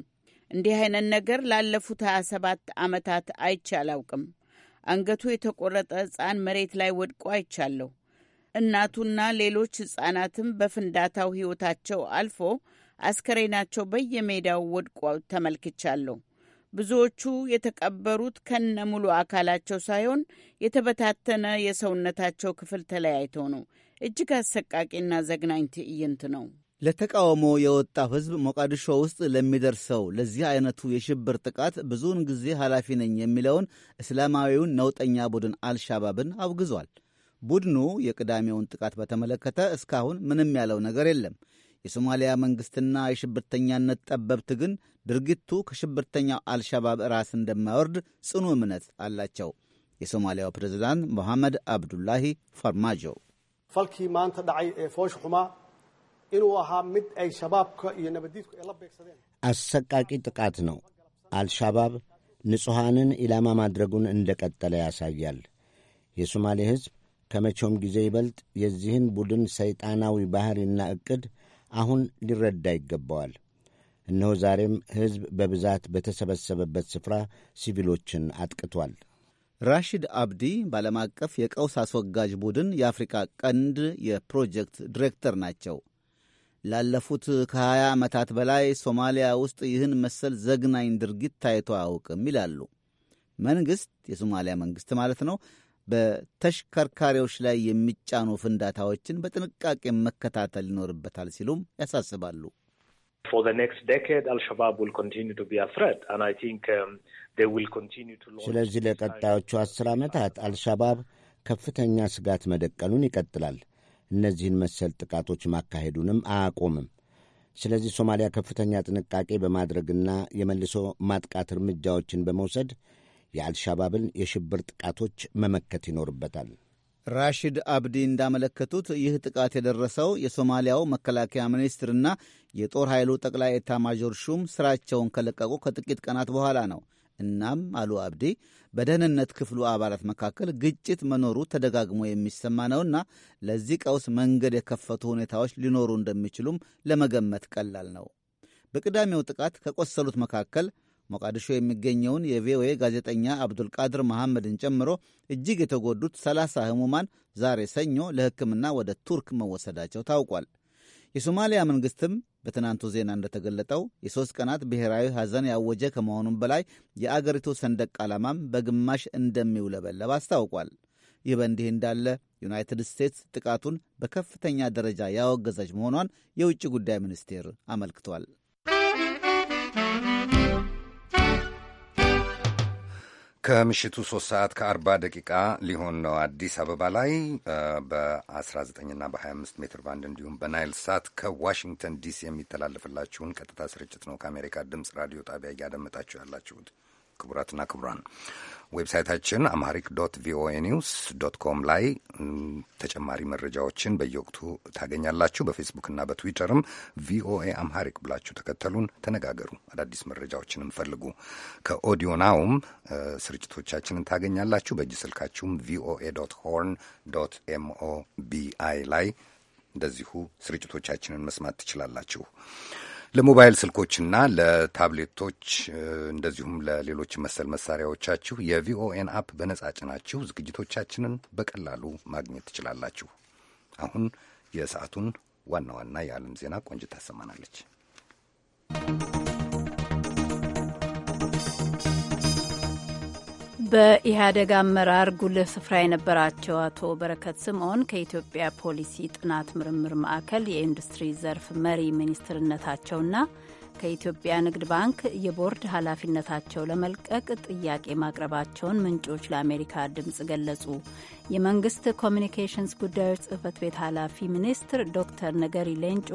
እንዲህ አይነት ነገር ላለፉት 27 ዓመታት አይቼ አላውቅም። አንገቱ የተቆረጠ ሕፃን መሬት ላይ ወድቆ አይቻለሁ። እናቱና ሌሎች ሕፃናትም በፍንዳታው ሕይወታቸው አልፎ አስከሬናቸው በየሜዳው ወድቆ ተመልክቻለሁ። ብዙዎቹ የተቀበሩት ከነ ሙሉ አካላቸው ሳይሆን የተበታተነ የሰውነታቸው ክፍል ተለያይተው ነው እጅግ አሰቃቂና ዘግናኝ ትዕይንት ነው። ለተቃውሞ የወጣው ሕዝብ ሞቃዲሾ ውስጥ ለሚደርሰው ለዚህ አይነቱ የሽብር ጥቃት ብዙውን ጊዜ ኃላፊ ነኝ የሚለውን እስላማዊውን ነውጠኛ ቡድን አልሻባብን አውግዟል። ቡድኑ የቅዳሜውን ጥቃት በተመለከተ እስካሁን ምንም ያለው ነገር የለም። የሶማሊያ መንግሥትና የሽብርተኛነት ጠበብት ግን ድርጊቱ ከሽብርተኛው አልሻባብ ራስ እንደማይወርድ ጽኑ እምነት አላቸው። የሶማሊያው ፕሬዝዳንት ሞሐመድ አብዱላሂ ፈርማጆ falkii maanta dhacay ee foosh xumaa inuu ahaa mid ay shabaabka iyo nabadiidku ay la beegsadeen አሰቃቂ ጥቃት ነው። አልሻባብ ንጹሐንን ኢላማ ማድረጉን እንደ ቀጠለ ያሳያል። የሶማሌ ሕዝብ ከመቼውም ጊዜ ይበልጥ የዚህን ቡድን ሰይጣናዊ ባሕሪና ዕቅድ አሁን ሊረዳ ይገባዋል። እነሆ ዛሬም ሕዝብ በብዛት በተሰበሰበበት ስፍራ ሲቪሎችን አጥቅቷል። ራሽድ አብዲ በዓለም አቀፍ የቀውስ አስወጋጅ ቡድን የአፍሪካ ቀንድ የፕሮጀክት ዲሬክተር ናቸው። ላለፉት ከ20 ዓመታት በላይ ሶማሊያ ውስጥ ይህን መሰል ዘግናኝ ድርጊት ታይቶ አያውቅም ይላሉ። መንግሥት፣ የሶማሊያ መንግሥት ማለት ነው፣ በተሽከርካሪዎች ላይ የሚጫኑ ፍንዳታዎችን በጥንቃቄ መከታተል ይኖርበታል ሲሉም ያሳስባሉ። ስለዚህ ለቀጣዮቹ አስር ዓመታት አልሻባብ ከፍተኛ ስጋት መደቀኑን ይቀጥላል። እነዚህን መሰል ጥቃቶች ማካሄዱንም አያቆምም። ስለዚህ ሶማሊያ ከፍተኛ ጥንቃቄ በማድረግና የመልሶ ማጥቃት እርምጃዎችን በመውሰድ የአልሻባብን የሽብር ጥቃቶች መመከት ይኖርበታል። ራሽድ አብዲ እንዳመለከቱት ይህ ጥቃት የደረሰው የሶማሊያው መከላከያ ሚኒስትርና የጦር ኃይሉ ጠቅላይ ኤታማዦር ሹም ስራቸውን ከለቀቁ ከጥቂት ቀናት በኋላ ነው። እናም አሉ አብዲ በደህንነት ክፍሉ አባላት መካከል ግጭት መኖሩ ተደጋግሞ የሚሰማ ነውና ለዚህ ቀውስ መንገድ የከፈቱ ሁኔታዎች ሊኖሩ እንደሚችሉም ለመገመት ቀላል ነው። በቅዳሜው ጥቃት ከቆሰሉት መካከል ሞቃዲሾ የሚገኘውን የቪኦኤ ጋዜጠኛ አብዱልቃድር መሐመድን ጨምሮ እጅግ የተጎዱት ሰላሳ ህሙማን ዛሬ ሰኞ ለሕክምና ወደ ቱርክ መወሰዳቸው ታውቋል። የሶማሊያ መንግስትም በትናንቱ ዜና እንደተገለጠው የሦስት ቀናት ብሔራዊ ሐዘን ያወጀ ከመሆኑም በላይ የአገሪቱ ሰንደቅ ዓላማም በግማሽ እንደሚውለበለብ አስታውቋል። ይህ በእንዲህ እንዳለ ዩናይትድ ስቴትስ ጥቃቱን በከፍተኛ ደረጃ ያወገዘች መሆኗን የውጭ ጉዳይ ሚኒስቴር አመልክቷል። ከምሽቱ 3 ሰዓት ከ40 ደቂቃ ሊሆን ነው አዲስ አበባ ላይ በ19ና በ25 ሜትር ባንድ እንዲሁም በናይል ሳት ከዋሽንግተን ዲሲ የሚተላለፍላችሁን ቀጥታ ስርጭት ነው ከአሜሪካ ድምፅ ራዲዮ ጣቢያ እያደመጣችሁ ያላችሁት። ክቡራትና ክቡራን ዌብሳይታችን አማሪክ ዶት ቪኦኤ ኒውስ ዶት ኮም ላይ ተጨማሪ መረጃዎችን በየወቅቱ ታገኛላችሁ። በፌስቡክና በትዊተርም ቪኦኤ አምሃሪክ ብላችሁ ተከተሉን፣ ተነጋገሩ፣ አዳዲስ መረጃዎችንም ፈልጉ። ከኦዲዮ ናውም ስርጭቶቻችንን ታገኛላችሁ። በእጅ ስልካችሁም ቪኦኤ ዶት ሆርን ዶት ኤምኦቢአይ ላይ እንደዚሁ ስርጭቶቻችንን መስማት ትችላላችሁ። ለሞባይል ስልኮችና ለታብሌቶች እንደዚሁም ለሌሎች መሰል መሳሪያዎቻችሁ የቪኦኤን አፕ በነጻ ጭናችሁ ዝግጅቶቻችንን በቀላሉ ማግኘት ትችላላችሁ። አሁን የሰዓቱን ዋና ዋና የዓለም ዜና ቆንጅት ታሰማናለች። በኢህአዴግ አመራር ጉልህ ስፍራ የነበራቸው አቶ በረከት ስምዖን ከኢትዮጵያ ፖሊሲ ጥናት ምርምር ማዕከል የኢንዱስትሪ ዘርፍ መሪ ሚኒስትርነታቸውና ከኢትዮጵያ ንግድ ባንክ የቦርድ ኃላፊነታቸው ለመልቀቅ ጥያቄ ማቅረባቸውን ምንጮች ለአሜሪካ ድምፅ ገለጹ። የመንግስት ኮሚኒኬሽንስ ጉዳዮች ጽህፈት ቤት ኃላፊ ሚኒስትር ዶክተር ነገሪ ሌንጮ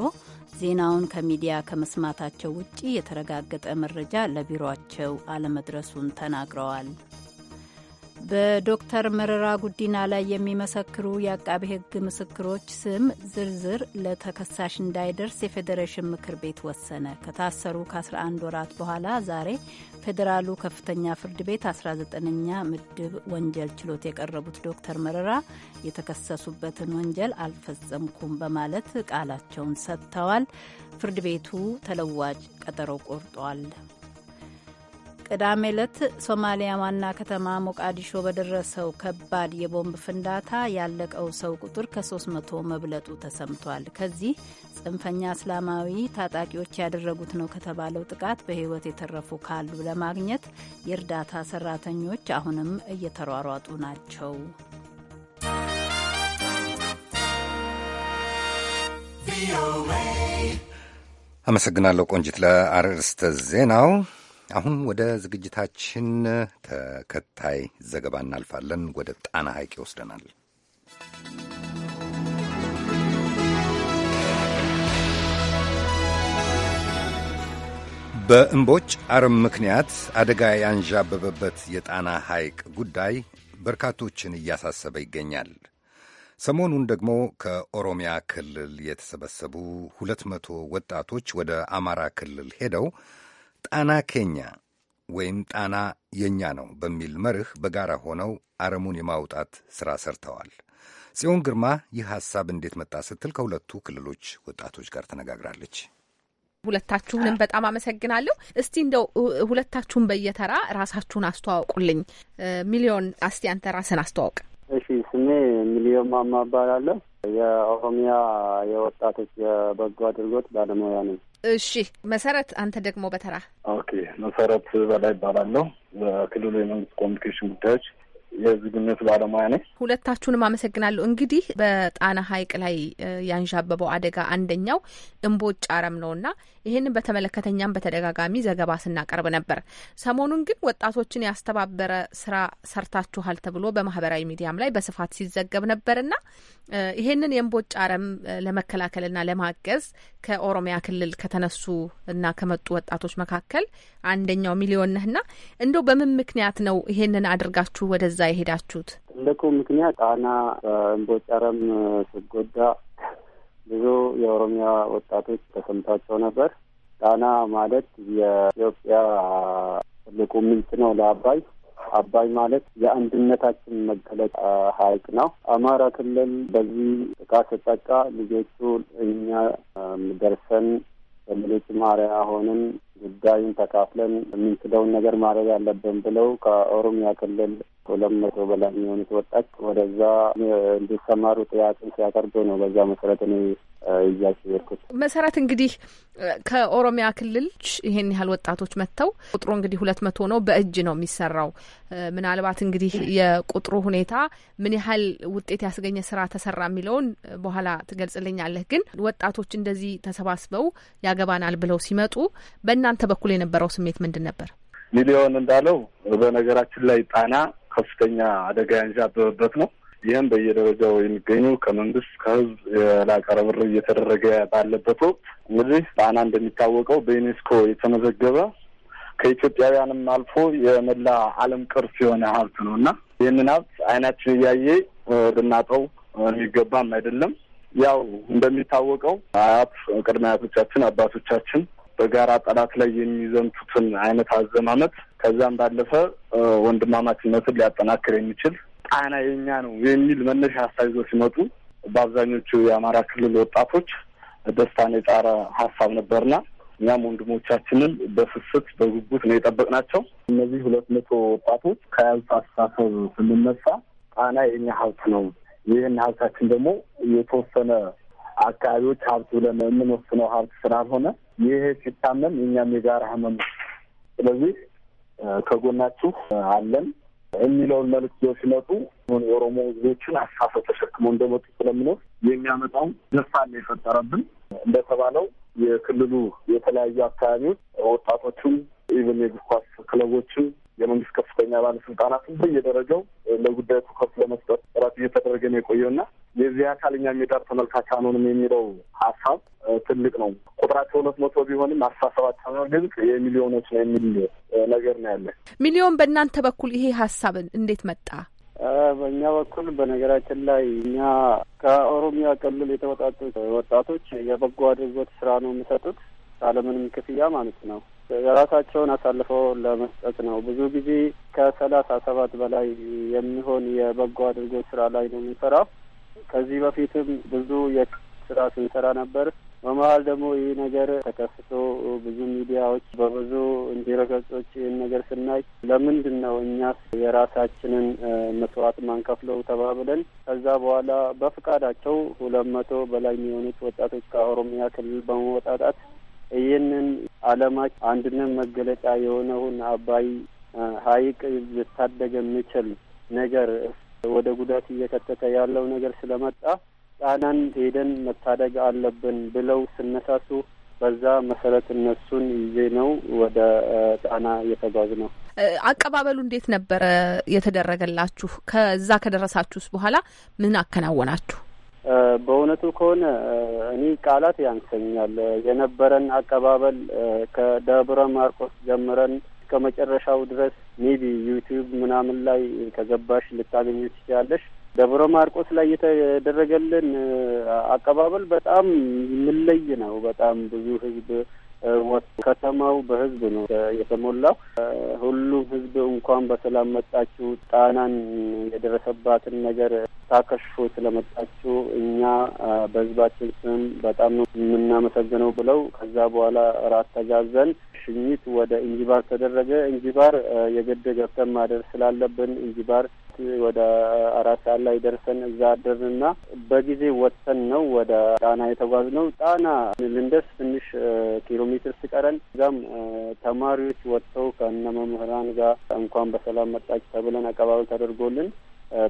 ዜናውን ከሚዲያ ከመስማታቸው ውጪ የተረጋገጠ መረጃ ለቢሮቸው አለመድረሱን ተናግረዋል። በዶክተር መረራ ጉዲና ላይ የሚመሰክሩ የአቃቤ ሕግ ምስክሮች ስም ዝርዝር ለተከሳሽ እንዳይደርስ የፌዴሬሽን ምክር ቤት ወሰነ። ከታሰሩ ከ11 ወራት በኋላ ዛሬ ፌዴራሉ ከፍተኛ ፍርድ ቤት 19ኛ ምድብ ወንጀል ችሎት የቀረቡት ዶክተር መረራ የተከሰሱበትን ወንጀል አልፈጸምኩም በማለት ቃላቸውን ሰጥተዋል። ፍርድ ቤቱ ተለዋጭ ቀጠሮ ቆርጧል። ቅዳሜ ዕለት ሶማሊያ ዋና ከተማ ሞቃዲሾ በደረሰው ከባድ የቦምብ ፍንዳታ ያለቀው ሰው ቁጥር ከ300 መብለጡ ተሰምቷል። ከዚህ ጽንፈኛ እስላማዊ ታጣቂዎች ያደረጉት ነው ከተባለው ጥቃት በሕይወት የተረፉ ካሉ ለማግኘት የእርዳታ ሰራተኞች አሁንም እየተሯሯጡ ናቸው። አመሰግናለሁ ቆንጂት ለአርዕስተ ዜናው። አሁን ወደ ዝግጅታችን ተከታይ ዘገባ እናልፋለን። ወደ ጣና ሐይቅ ይወስደናል። በእምቦጭ አረም ምክንያት አደጋ ያንዣበበበት የጣና ሐይቅ ጉዳይ በርካቶችን እያሳሰበ ይገኛል። ሰሞኑን ደግሞ ከኦሮሚያ ክልል የተሰበሰቡ ሁለት መቶ ወጣቶች ወደ አማራ ክልል ሄደው ጣና ኬኛ ወይም ጣና የእኛ ነው በሚል መርህ በጋራ ሆነው አረሙን የማውጣት ሥራ ሰርተዋል። ጽዮን ግርማ ይህ ሐሳብ እንዴት መጣ ስትል ከሁለቱ ክልሎች ወጣቶች ጋር ተነጋግራለች። ሁለታችሁንም በጣም አመሰግናለሁ። እስቲ እንደው ሁለታችሁን በየተራ ራሳችሁን አስተዋውቁልኝ። ሚሊዮን፣ አስቲ አንተ ራስን አስተዋውቅ። እሺ፣ ስሜ ሚሊዮን ማማ እባላለሁ። የኦሮሚያ የወጣቶች የበጎ አድርጎት ባለሙያ ነኝ። እሺ መሰረት፣ አንተ ደግሞ በተራ ኦኬ። መሰረት በላይ ይባላለሁ። በክልሉ የመንግስት ኮሚኒኬሽን ጉዳዮች የዝግነት ባለሙያ ነኝ። ሁለታችሁንም አመሰግናለሁ። እንግዲህ በጣና ሐይቅ ላይ ያንዣበበው አደጋ አንደኛው እምቦጭ አረም ነውና ይህንን በተመለከተኛም በተደጋጋሚ ዘገባ ስናቀርብ ነበር። ሰሞኑን ግን ወጣቶችን ያስተባበረ ስራ ሰርታችኋል ተብሎ በማህበራዊ ሚዲያም ላይ በስፋት ሲዘገብ ነበርና ይህንን የእምቦጭ አረም ለመከላከልና ለማገዝ ከኦሮሚያ ክልል ከተነሱ እና ከመጡ ወጣቶች መካከል አንደኛው ሚሊዮን ነህና እንደው በምን ምክንያት ነው ይሄንን አድርጋችሁ ወደዛ የሄዳችሁት? ትልቁ ምክንያት ጣና በእምቦጭ አረም ብዙ የኦሮሚያ ወጣቶች ተሰምቷቸው ነበር። ጣና ማለት የኢትዮጵያ ትልቁ ምንጭ ነው ለአባይ አባይ ማለት የአንድነታችን መገለጫ ሐይቅ ነው። አማራ ክልል በዚህ ጥቃት ተጠቃ ልጆቹ እኛ ደርሰን በሌሎች ማሪያ ሆንን ጉዳዩን ተካፍለን የምንችለውን ነገር ማድረግ አለብን ብለው ከኦሮሚያ ክልል ሁለት መቶ በላይ የሚሆኑት ወጣች ወደዛ እንዲሰማሩ ጥያቄ ሲያቀርቡ ነው። በዛ መሰረት እኔ እያካሄድኩት መሰረት እንግዲህ ከኦሮሚያ ክልል ይሄን ያህል ወጣቶች መጥተው ቁጥሩ እንግዲህ ሁለት መቶ ነው። በእጅ ነው የሚሰራው። ምናልባት እንግዲህ የቁጥሩ ሁኔታ ምን ያህል ውጤት ያስገኘ ስራ ተሰራ የሚለውን በኋላ ትገልጽልኛለህ። ግን ወጣቶች እንደዚህ ተሰባስበው ያገባናል ብለው ሲመጡ በእናንተ በኩል የነበረው ስሜት ምንድን ነበር? ሚሊዮን እንዳለው በነገራችን ላይ ጣና ከፍተኛ አደጋ ያንዣበበበት ነው። ይህም በየደረጃው የሚገኘው ከመንግስት ከህዝብ የላቀ ርብርብ እየተደረገ ባለበት ወቅት እንግዲህ ጣና እንደሚታወቀው በዩኔስኮ የተመዘገበ ከኢትዮጵያውያንም አልፎ የመላ ዓለም ቅርስ የሆነ ሀብት ነው እና ይህንን ሀብት አይናችን እያየ ልናጠው የሚገባም አይደለም። ያው እንደሚታወቀው አያት ቅድመ አያቶቻችን አባቶቻችን በጋራ ጠላት ላይ የሚዘምቱትን አይነት አዘማመት ከዛም ባለፈ ወንድማማችነትን ሊያጠናክር የሚችል ጣና የኛ ነው የሚል መነሻ ሀሳብ ይዞ ሲመጡ በአብዛኞቹ የአማራ ክልል ወጣቶች ደስታን የጣረ ሀሳብ ነበርና እኛም ወንድሞቻችንን በስስት በጉጉት ነው የጠበቅናቸው። እነዚህ ሁለት መቶ ወጣቶች ከያዙት አስተሳሰብ ስንነሳ ጣና የኛ ሀብት ነው፣ ይህን ሀብታችን ደግሞ የተወሰነ አካባቢዎች ሀብት ብለን የምንወስነው ሀብት ስላልሆነ ይህ ሲታመም የእኛም የጋራ ህመም፣ ስለዚህ ከጎናችሁ አለን የሚለውን መልዕክት ይዘው ሲመጡ የኦሮሞ ህዝቦችን አሳሰው ተሸክሞ እንደመጡ ስለምኖር የሚያመጣው ደስታን የፈጠረብን እንደተባለው የክልሉ የተለያዩ አካባቢዎች ወጣቶችም ኢቨን የእግር ኳስ ክለቦችም የመንግስት ከፍተኛ ባለስልጣናትን በየደረጃው ለጉዳዩ ትኩረት ለመስጠት ጥረት እየተደረገ ነው የቆየውና የዚህ አካል እኛ የሚዳር ተመልካች አንሆንም የሚለው ሀሳብ ትልቅ ነው። ቁጥራቸው ሁለት መቶ ቢሆንም አስተሳሰባቸው ነው ግን የሚሊዮኖች ነው የሚል ነገር ነው ያለ። ሚሊዮን በእናንተ በኩል ይሄ ሀሳብን እንዴት መጣ? በእኛ በኩል በነገራችን ላይ እኛ ከኦሮሚያ ክልል የተወጣጡ ወጣቶች የበጎ አድርጎት ስራ ነው የሚሰጡት፣ አለምንም ክፍያ ማለት ነው። ራሳቸውን አሳልፈው ለመስጠት ነው። ብዙ ጊዜ ከሰላሳ ሰባት በላይ የሚሆን የበጎ አድርጎት ስራ ላይ ነው የሚሰራው ከዚህ በፊትም ብዙ የስራ ስንሰራ ነበር። በመሀል ደግሞ ይህ ነገር ተከስቶ ብዙ ሚዲያዎች በብዙ እንዲረገጾች ይህን ነገር ስናይ ለምንድን ነው እኛስ የራሳችንን መስዋዕት ማንከፍለው ተባብለን ከዛ በኋላ በፍቃዳቸው ሁለት መቶ በላይ የሚሆኑት ወጣቶች ከኦሮሚያ ክልል በመወጣጣት ይህንን አለማች አንድነት መገለጫ የሆነውን አባይ ሀይቅ ልታደገ የሚችል ነገር ወደ ጉዳት እየከተተ ያለው ነገር ስለመጣ ጣናን ሄደን መታደግ አለብን ብለው ስነሳሱ በዛ መሰረት እነሱን ይዜ ነው ወደ ጣና እየተጓዝ ነው። አቀባበሉ እንዴት ነበረ የተደረገላችሁ? ከዛ ከደረሳችሁስ በኋላ ምን አከናወናችሁ? በእውነቱ ከሆነ እኔ ቃላት ያንሰኛል። የነበረን አቀባበል ከደብረ ማርቆስ ጀምረን መጨረሻው ድረስ ሜቢ ዩቲዩብ ምናምን ላይ ከገባሽ ልታገኙ ትችላለሽ። ደብረ ማርቆስ ላይ የተደረገልን አቀባበል በጣም የምለይ ነው። በጣም ብዙ ህዝብ ከተማው በህዝብ ነው የተሞላው። ሁሉም ህዝብ እንኳን በሰላም መጣችሁ፣ ጣናን የደረሰባትን ነገር ታከሽፎ ስለመጣችሁ እኛ በህዝባችን ስም በጣም ነው የምናመሰግነው ብለው ከዛ በኋላ ራት ተጋዘን። ሽኝት ወደ እንጂባር ተደረገ። እንጂባር የግድ ገብተን ማደር ስላለብን እንጂባር ወደ አራት ሰዓት ላይ ደርሰን እዛ አደርንና በጊዜ ወጥተን ነው ወደ ጣና የተጓዝነው። ጣና ልንደርስ ትንሽ ኪሎ ሜትር ሲቀረን እዛም ተማሪዎች ወጥተው ከነ መምህራን ጋር እንኳን በሰላም መጣች ተብለን አቀባበል ተደርጎልን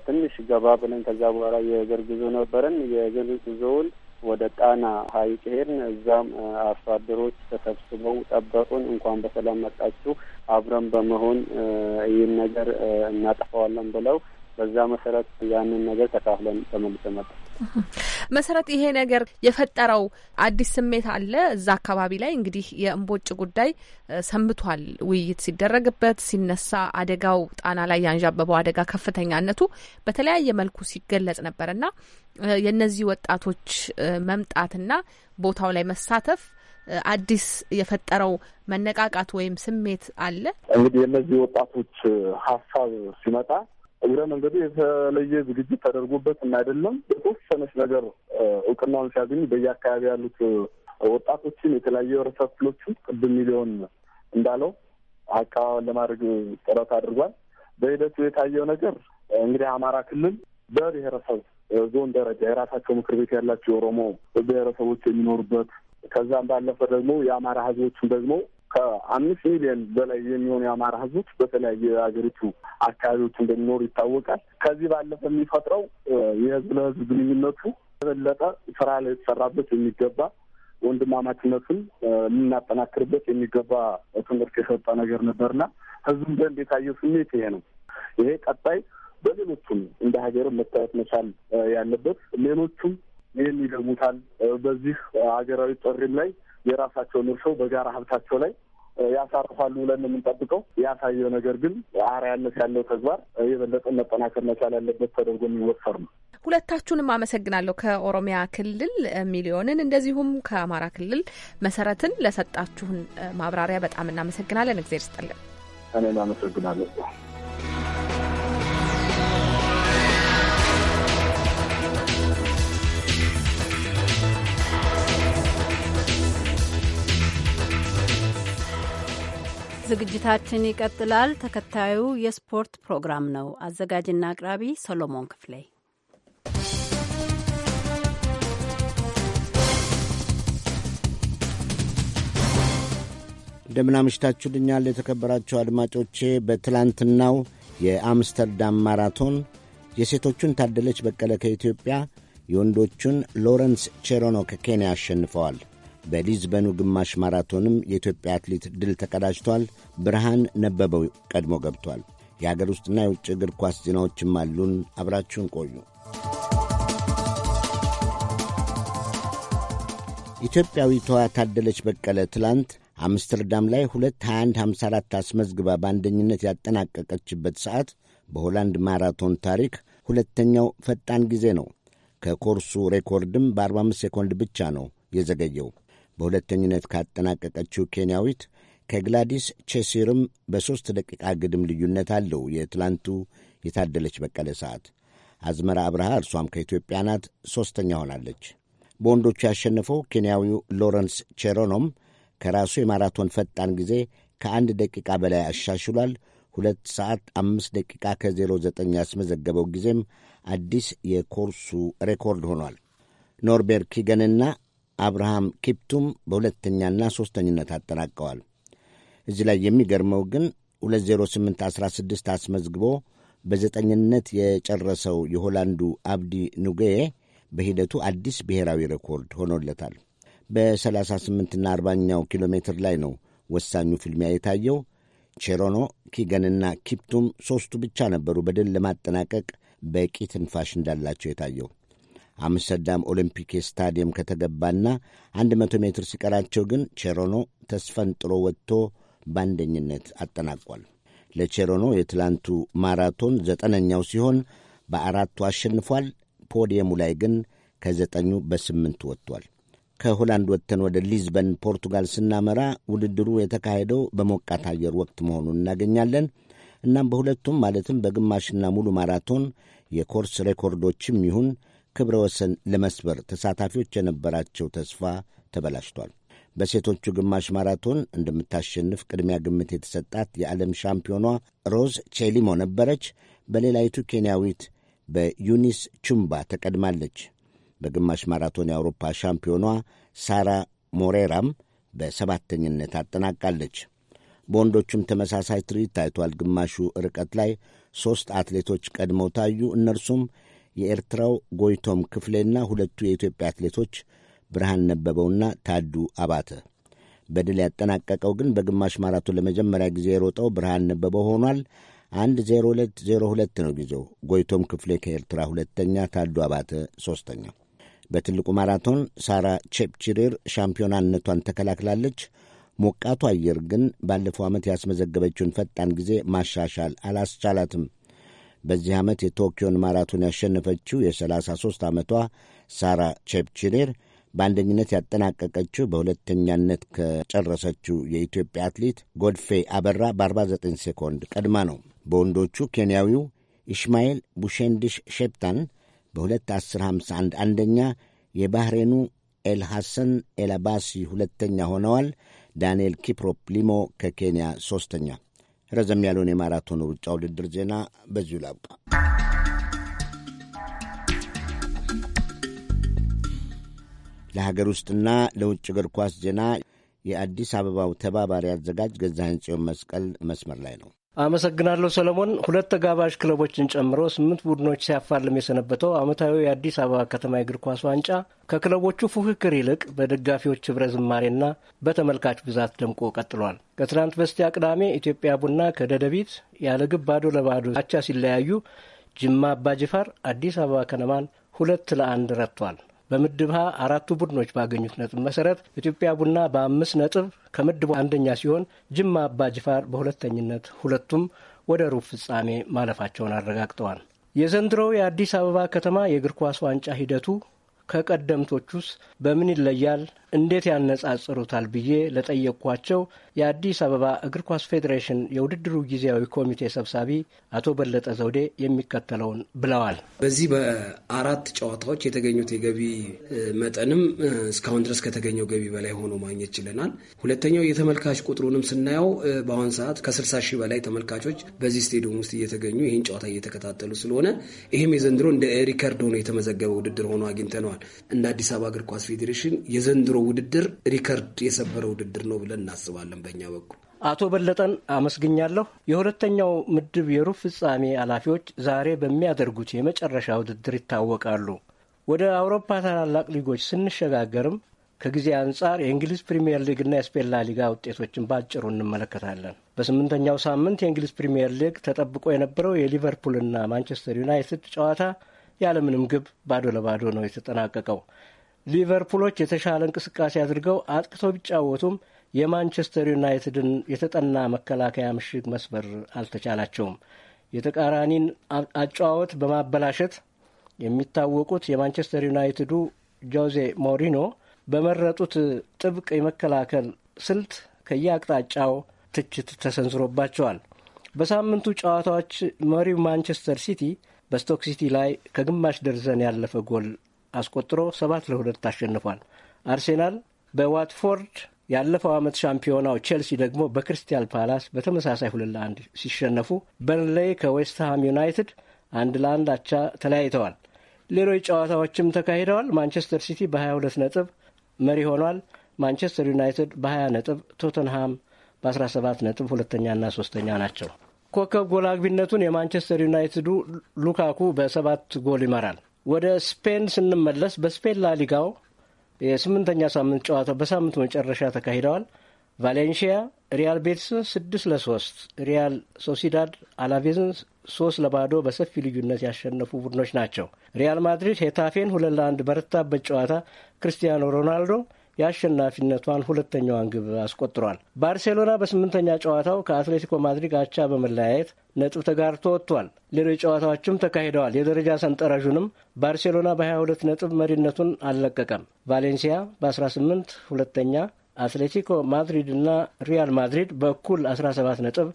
ትንሽ ገባ ብለን ከዛ በኋላ የእግር ጉዞ ነበረን። የእግር ጉዞውን ወደ ጣና ሐይቅ ሄድን። እዛም አርሶ አደሮች ተሰብስበው ጠበቁን። እንኳን በሰላም መጣችሁ፣ አብረን በመሆን ይህን ነገር እናጠፋዋለን ብለው በዛ መሰረት ያንን ነገር ተካፍለን ተመልሰን መጣ። መሰረት፣ ይሄ ነገር የፈጠረው አዲስ ስሜት አለ እዛ አካባቢ ላይ እንግዲህ የእምቦጭ ጉዳይ ሰምቷል። ውይይት ሲደረግበት ሲነሳ አደጋው ጣና ላይ ያንዣበበው አደጋ ከፍተኛነቱ በተለያየ መልኩ ሲገለጽ ነበርና የእነዚህ ወጣቶች መምጣትና ቦታው ላይ መሳተፍ አዲስ የፈጠረው መነቃቃት ወይም ስሜት አለ። እንግዲህ የእነዚህ ወጣቶች ሀሳብ ሲመጣ እግረ መንገዱ የተለየ ዝግጅት ተደርጎበት እና አይደለም የተወሰነች ነገር እውቅናውን ሲያገኙ በየአካባቢ ያሉት ወጣቶችን የተለያዩ ህብረተሰብ ክፍሎችን ቅድም ሚሊዮን እንዳለው አቀባበል ለማድረግ ጥረት አድርጓል። በሂደቱ የታየው ነገር እንግዲህ አማራ ክልል በብሔረሰብ ዞን ደረጃ የራሳቸው ምክር ቤት ያላቸው የኦሮሞ ብሔረሰቦች የሚኖሩበት ከዛም ባለፈ ደግሞ የአማራ ህዝቦችን ደግሞ ከአምስት ሚሊዮን በላይ የሚሆኑ የአማራ ህዝቦች በተለያየ የሀገሪቱ አካባቢዎች እንደሚኖሩ ይታወቃል። ከዚህ ባለፈ የሚፈጥረው የህዝብ ለህዝብ ግንኙነቱ የበለጠ ስራ ላይ የተሰራበት የሚገባ ወንድማማችነቱን የምናጠናክርበት የሚገባ ትምህርት የሰጠ ነገር ነበርና ህዝቡም ዘንድ የታየው ስሜት ይሄ ነው። ይሄ ቀጣይ በሌሎቹም እንደ ሀገርም መታየት መቻል ያለበት ሌሎቹም ይህን ይገሙታል። በዚህ ሀገራዊ ጥሪም ላይ የራሳቸውን እርሾ በጋራ ሀብታቸው ላይ ያሳርፋሉ ብለን የምንጠብቀው ያሳየው ነገር ግን አርአያነት ያለው ተግባር የበለጠ መጠናከር መቻል ያለበት ተደርጎ የሚወሰር ነው። ሁለታችሁንም አመሰግናለሁ። ከኦሮሚያ ክልል ሚሊዮንን እንደዚሁም ከአማራ ክልል መሰረትን ለሰጣችሁን ማብራሪያ በጣም እናመሰግናለን። እግዜር ይስጥልን። እኔም አመሰግናለሁ። ዝግጅታችን ይቀጥላል። ተከታዩ የስፖርት ፕሮግራም ነው። አዘጋጅና አቅራቢ ሰሎሞን ክፍሌ። እንደምናምሽታችሁልኛል የተከበራችሁ አድማጮቼ። በትላንትናው የአምስተርዳም ማራቶን የሴቶቹን ታደለች በቀለ ከኢትዮጵያ፣ የወንዶቹን ሎረንስ ቼሮኖ ከኬንያ አሸንፈዋል። በሊዝበኑ ግማሽ ማራቶንም የኢትዮጵያ አትሌት ድል ተቀዳጅቷል። ብርሃን ነበበው ቀድሞ ገብቷል። የአገር ውስጥና የውጭ እግር ኳስ ዜናዎችም አሉን። አብራችሁን ቆዩ። ኢትዮጵያዊቷ ታደለች በቀለ ትላንት አምስተርዳም ላይ 2154 አስመዝግባ በአንደኝነት ያጠናቀቀችበት ሰዓት በሆላንድ ማራቶን ታሪክ ሁለተኛው ፈጣን ጊዜ ነው። ከኮርሱ ሬኮርድም በ45 ሴኮንድ ብቻ ነው የዘገየው። በሁለተኝነት ካጠናቀቀችው ኬንያዊት ከግላዲስ ቼሲርም በሦስት ደቂቃ ግድም ልዩነት አለው የትላንቱ የታደለች በቀለ ሰዓት። አዝመራ አብርሃ እርሷም ከኢትዮጵያ ናት ሦስተኛ ሆናለች። በወንዶቹ ያሸነፈው ኬንያዊው ሎረንስ ቼሮኖም ከራሱ የማራቶን ፈጣን ጊዜ ከአንድ ደቂቃ በላይ አሻሽሏል። ሁለት ሰዓት አምስት ደቂቃ ከ09 ያስመዘገበው ጊዜም አዲስ የኮርሱ ሬኮርድ ሆኗል። ኖርቤር ኪገንና አብርሃም ኪፕቱም በሁለተኛና ሦስተኝነት አጠናቀዋል። እዚህ ላይ የሚገርመው ግን 20816 አስመዝግቦ በዘጠኝነት የጨረሰው የሆላንዱ አብዲ ኑጌ በሂደቱ አዲስ ብሔራዊ ሬኮርድ ሆኖለታል። በ38ና 40ኛው ኪሎ ሜትር ላይ ነው ወሳኙ ፍልሚያ የታየው። ቼሮኖ ኪገንና ኪፕቱም ሦስቱ ብቻ ነበሩ በድል ለማጠናቀቅ በቂ ትንፋሽ እንዳላቸው የታየው። አምስተርዳም ኦሊምፒክ ስታዲየም ከተገባና 100 ሜትር ሲቀራቸው ግን ቼሮኖ ተስፈንጥሮ ወጥቶ በአንደኝነት አጠናቋል። ለቼሮኖ የትላንቱ ማራቶን ዘጠነኛው ሲሆን በአራቱ አሸንፏል። ፖዲየሙ ላይ ግን ከዘጠኙ በስምንቱ ወጥቷል። ከሆላንድ ወጥተን ወደ ሊዝበን ፖርቱጋል ስናመራ ውድድሩ የተካሄደው በሞቃት አየር ወቅት መሆኑን እናገኛለን። እናም በሁለቱም ማለትም በግማሽና ሙሉ ማራቶን የኮርስ ሬኮርዶችም ይሁን ክብረ ወሰን ለመስበር ተሳታፊዎች የነበራቸው ተስፋ ተበላሽቷል። በሴቶቹ ግማሽ ማራቶን እንደምታሸንፍ ቅድሚያ ግምት የተሰጣት የዓለም ሻምፒዮኗ ሮዝ ቼሊሞ ነበረች። በሌላይቱ ኬንያዊት በዩኒስ ቹምባ ተቀድማለች። በግማሽ ማራቶን የአውሮፓ ሻምፒዮኗ ሳራ ሞሬራም በሰባተኝነት አጠናቃለች። በወንዶቹም ተመሳሳይ ትርኢት ታይቷል። ግማሹ ርቀት ላይ ሦስት አትሌቶች ቀድመው ታዩ። እነርሱም የኤርትራው ጎይቶም ክፍሌና ሁለቱ የኢትዮጵያ አትሌቶች ብርሃን ነበበውና ታዱ አባተ። በድል ያጠናቀቀው ግን በግማሽ ማራቶን ለመጀመሪያ ጊዜ የሮጠው ብርሃን ነበበው ሆኗል። 10202 ነው ጊዜው። ጎይቶም ክፍሌ ከኤርትራ ሁለተኛ፣ ታዱ አባተ ሦስተኛ። በትልቁ ማራቶን ሳራ ቼፕችሪር ሻምፒዮናነቷን ተከላክላለች። ሞቃቱ አየር ግን ባለፈው ዓመት ያስመዘገበችውን ፈጣን ጊዜ ማሻሻል አላስቻላትም። በዚህ ዓመት የቶኪዮን ማራቶን ያሸነፈችው የ33 ዓመቷ ሳራ ቼፕቺኔር በአንደኝነት ያጠናቀቀችው በሁለተኛነት ከጨረሰችው የኢትዮጵያ አትሌት ጎድፌ አበራ በ49 ሴኮንድ ቀድማ ነው። በወንዶቹ ኬንያዊው ኢሽማኤል ቡሼንዲሽ ሼፕታን በ 2151 አንደኛ፣ የባህሬኑ ኤልሐሰን ኤላባሲ ሁለተኛ ሆነዋል። ዳንኤል ኪፕሮፕ ሊሞ ከኬንያ ሦስተኛ ረዘም ያለውን የማራቶን ሩጫ ውድድር ዜና በዚሁ ላብቃ። ለሀገር ውስጥና ለውጭ እግር ኳስ ዜና የአዲስ አበባው ተባባሪ አዘጋጅ ገዛኸኝ ጽዮን መስቀል መስመር ላይ ነው። አመሰግናለሁ ሰለሞን። ሁለት ተጋባዥ ክለቦችን ጨምሮ ስምንት ቡድኖች ሲያፋልም የሰነበተው ዓመታዊ የአዲስ አበባ ከተማ እግር ኳስ ዋንጫ ከክለቦቹ ፉክክር ይልቅ በደጋፊዎች ኅብረ ዝማሬና በተመልካች ብዛት ደምቆ ቀጥሏል። ከትናንት በስቲያ ቅዳሜ ኢትዮጵያ ቡና ከደደቢት ያለ ግብ ባዶ ለባዶ አቻ ሲለያዩ፣ ጅማ አባጅፋር አዲስ አበባ ከነማን ሁለት ለአንድ ረቷል። በምድብ ሀ አራቱ ቡድኖች ባገኙት ነጥብ መሰረት ኢትዮጵያ ቡና በአምስት ነጥብ ከምድቡ አንደኛ ሲሆን ጅማ አባ ጅፋር በሁለተኝነት ሁለቱም ወደ ሩብ ፍጻሜ ማለፋቸውን አረጋግጠዋል። የዘንድሮው የአዲስ አበባ ከተማ የእግር ኳስ ዋንጫ ሂደቱ ከቀደምቶቹስ በምን ይለያል? እንዴት ያነጻጽሩታል ብዬ ለጠየቅኳቸው የአዲስ አበባ እግር ኳስ ፌዴሬሽን የውድድሩ ጊዜያዊ ኮሚቴ ሰብሳቢ አቶ በለጠ ዘውዴ የሚከተለውን ብለዋል። በዚህ በአራት ጨዋታዎች የተገኙት የገቢ መጠንም እስካሁን ድረስ ከተገኘው ገቢ በላይ ሆኖ ማግኘት ችለናል። ሁለተኛው የተመልካች ቁጥሩንም ስናየው በአሁን ሰዓት ከ60 ሺህ በላይ ተመልካቾች በዚህ ስቴዲየም ውስጥ እየተገኙ ይህን ጨዋታ እየተከታተሉ ስለሆነ ይህም የዘንድሮ እንደ ሪከርድ ሆኖ የተመዘገበ ውድድር ሆኖ አግኝተነዋል። እንደ አዲስ አበባ እግር ኳስ ፌዴሬሽን የዘንድሮ የነበረው ውድድር ሪከርድ የሰበረ ውድድር ነው ብለን እናስባለን በእኛ በኩል። አቶ በለጠን አመስግኛለሁ። የሁለተኛው ምድብ የሩብ ፍጻሜ ኃላፊዎች ዛሬ በሚያደርጉት የመጨረሻ ውድድር ይታወቃሉ። ወደ አውሮፓ ታላላቅ ሊጎች ስንሸጋገርም ከጊዜ አንጻር የእንግሊዝ ፕሪምየር ሊግና የስፔን ላ ሊጋ ውጤቶችን በአጭሩ እንመለከታለን። በስምንተኛው ሳምንት የእንግሊዝ ፕሪምየር ሊግ ተጠብቆ የነበረው የሊቨርፑልና ማንቸስተር ዩናይትድ ጨዋታ ያለምንም ግብ ባዶ ለባዶ ነው የተጠናቀቀው። ሊቨርፑሎች የተሻለ እንቅስቃሴ አድርገው አጥቅተው ቢጫወቱም የማንቸስተር ዩናይትድን የተጠና መከላከያ ምሽግ መስበር አልተቻላቸውም። የተቃራኒን አጨዋወት በማበላሸት የሚታወቁት የማንቸስተር ዩናይትዱ ጆዜ ሞሪኖ በመረጡት ጥብቅ የመከላከል ስልት ከየአቅጣጫው ትችት ተሰንዝሮባቸዋል። በሳምንቱ ጨዋታዎች መሪው ማንቸስተር ሲቲ በስቶክ ሲቲ ላይ ከግማሽ ደርዘን ያለፈ ጎል አስቆጥሮ ሰባት ለሁለት አሸንፏል። አርሴናል በዋትፎርድ ያለፈው ዓመት ሻምፒዮናው ቼልሲ ደግሞ በክሪስታል ፓላስ በተመሳሳይ ሁለት ለአንድ ሲሸነፉ በርንሌይ ከዌስትሃም ዩናይትድ አንድ ለአንድ አቻ ተለያይተዋል። ሌሎች ጨዋታዎችም ተካሂደዋል። ማንቸስተር ሲቲ በ22 ነጥብ መሪ ሆኗል። ማንቸስተር ዩናይትድ በ20 ነጥብ፣ ቶተንሃም በ17 ነጥብ ሁለተኛና ሶስተኛ ናቸው። ኮከብ ጎል አግቢነቱን የማንቸስተር ዩናይትዱ ሉካኩ በሰባት ጎል ይመራል። ወደ ስፔን ስንመለስ በስፔን ላሊጋው የስምንተኛ ሳምንት ጨዋታ በሳምንት መጨረሻ ተካሂደዋል። ቫሌንሺያ ሪያል ቤትስን ስድስት ለሶስት ሪያል ሶሲዳድ አላቬዝን ሶስት ለባዶ በሰፊ ልዩነት ያሸነፉ ቡድኖች ናቸው። ሪያል ማድሪድ ሄታፌን ሁለት ለአንድ በረታበት ጨዋታ ክርስቲያኖ ሮናልዶ የአሸናፊነቷን ሁለተኛዋን ግብ አስቆጥሯል። ባርሴሎና በስምንተኛ ጨዋታው ከአትሌቲኮ ማድሪድ አቻ በመለያየት ነጥብ ተጋርቶ ወጥቷል። ሌሎች ጨዋታዎችም ተካሂደዋል። የደረጃ ሰንጠረዡንም ባርሴሎና በ22 ነጥብ መሪነቱን አልለቀቀም። ቫሌንሲያ በ18 ሁለተኛ፣ አትሌቲኮ ማድሪድ እና ሪያል ማድሪድ በእኩል 17 ነጥብ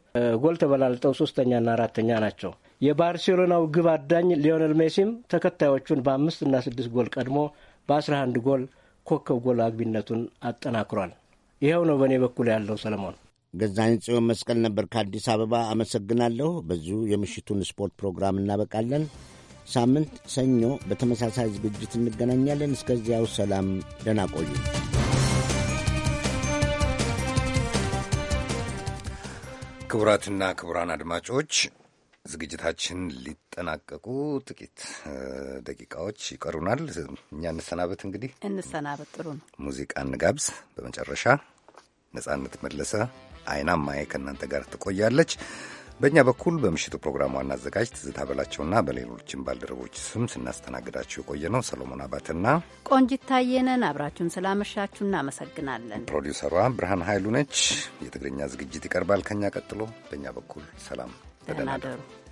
ጎል ተበላልጠው ሶስተኛና አራተኛ ናቸው። የባርሴሎናው ግብ አዳኝ ሊዮነል ሜሲም ተከታዮቹን በአምስት እና ስድስት ጎል ቀድሞ በ11 ጎል ኮከብ ጎል አግቢነቱን አጠናክሯል። ይኸው ነው በእኔ በኩል ያለው ሰለሞን። ገዛኸኝ ጽዮን መስቀል ነበር ከአዲስ አበባ አመሰግናለሁ። በዚሁ የምሽቱን ስፖርት ፕሮግራም እናበቃለን። ሳምንት ሰኞ በተመሳሳይ ዝግጅት እንገናኛለን። እስከዚያው ሰላም፣ ደህና ቆዩ። ክቡራትና ክቡራን አድማጮች ዝግጅታችን ሊጠናቀቁ ጥቂት ደቂቃዎች ይቀሩናል። እኛ እንሰናበት እንግዲህ እንሰናበት። ጥሩ ነው። ሙዚቃ እንጋብዝ። በመጨረሻ ነጻነት መለሰ አይናማዬ ከእናንተ ጋር ትቆያለች። በእኛ በኩል በምሽቱ ፕሮግራም ዋና አዘጋጅ ትዝታ በላቸውና በሌሎችም ባልደረቦች ስም ስናስተናግዳችሁ የቆየ ነው ሰሎሞን አባትና ቆንጂት ታየነን። አብራችሁን ስላመሻችሁ እናመሰግናለን። ፕሮዲውሰሯ ብርሃን ኃይሉ ነች። የትግርኛ ዝግጅት ይቀርባል ከኛ ቀጥሎ። በእኛ በኩል ሰላም፣ በደህና ደሩ።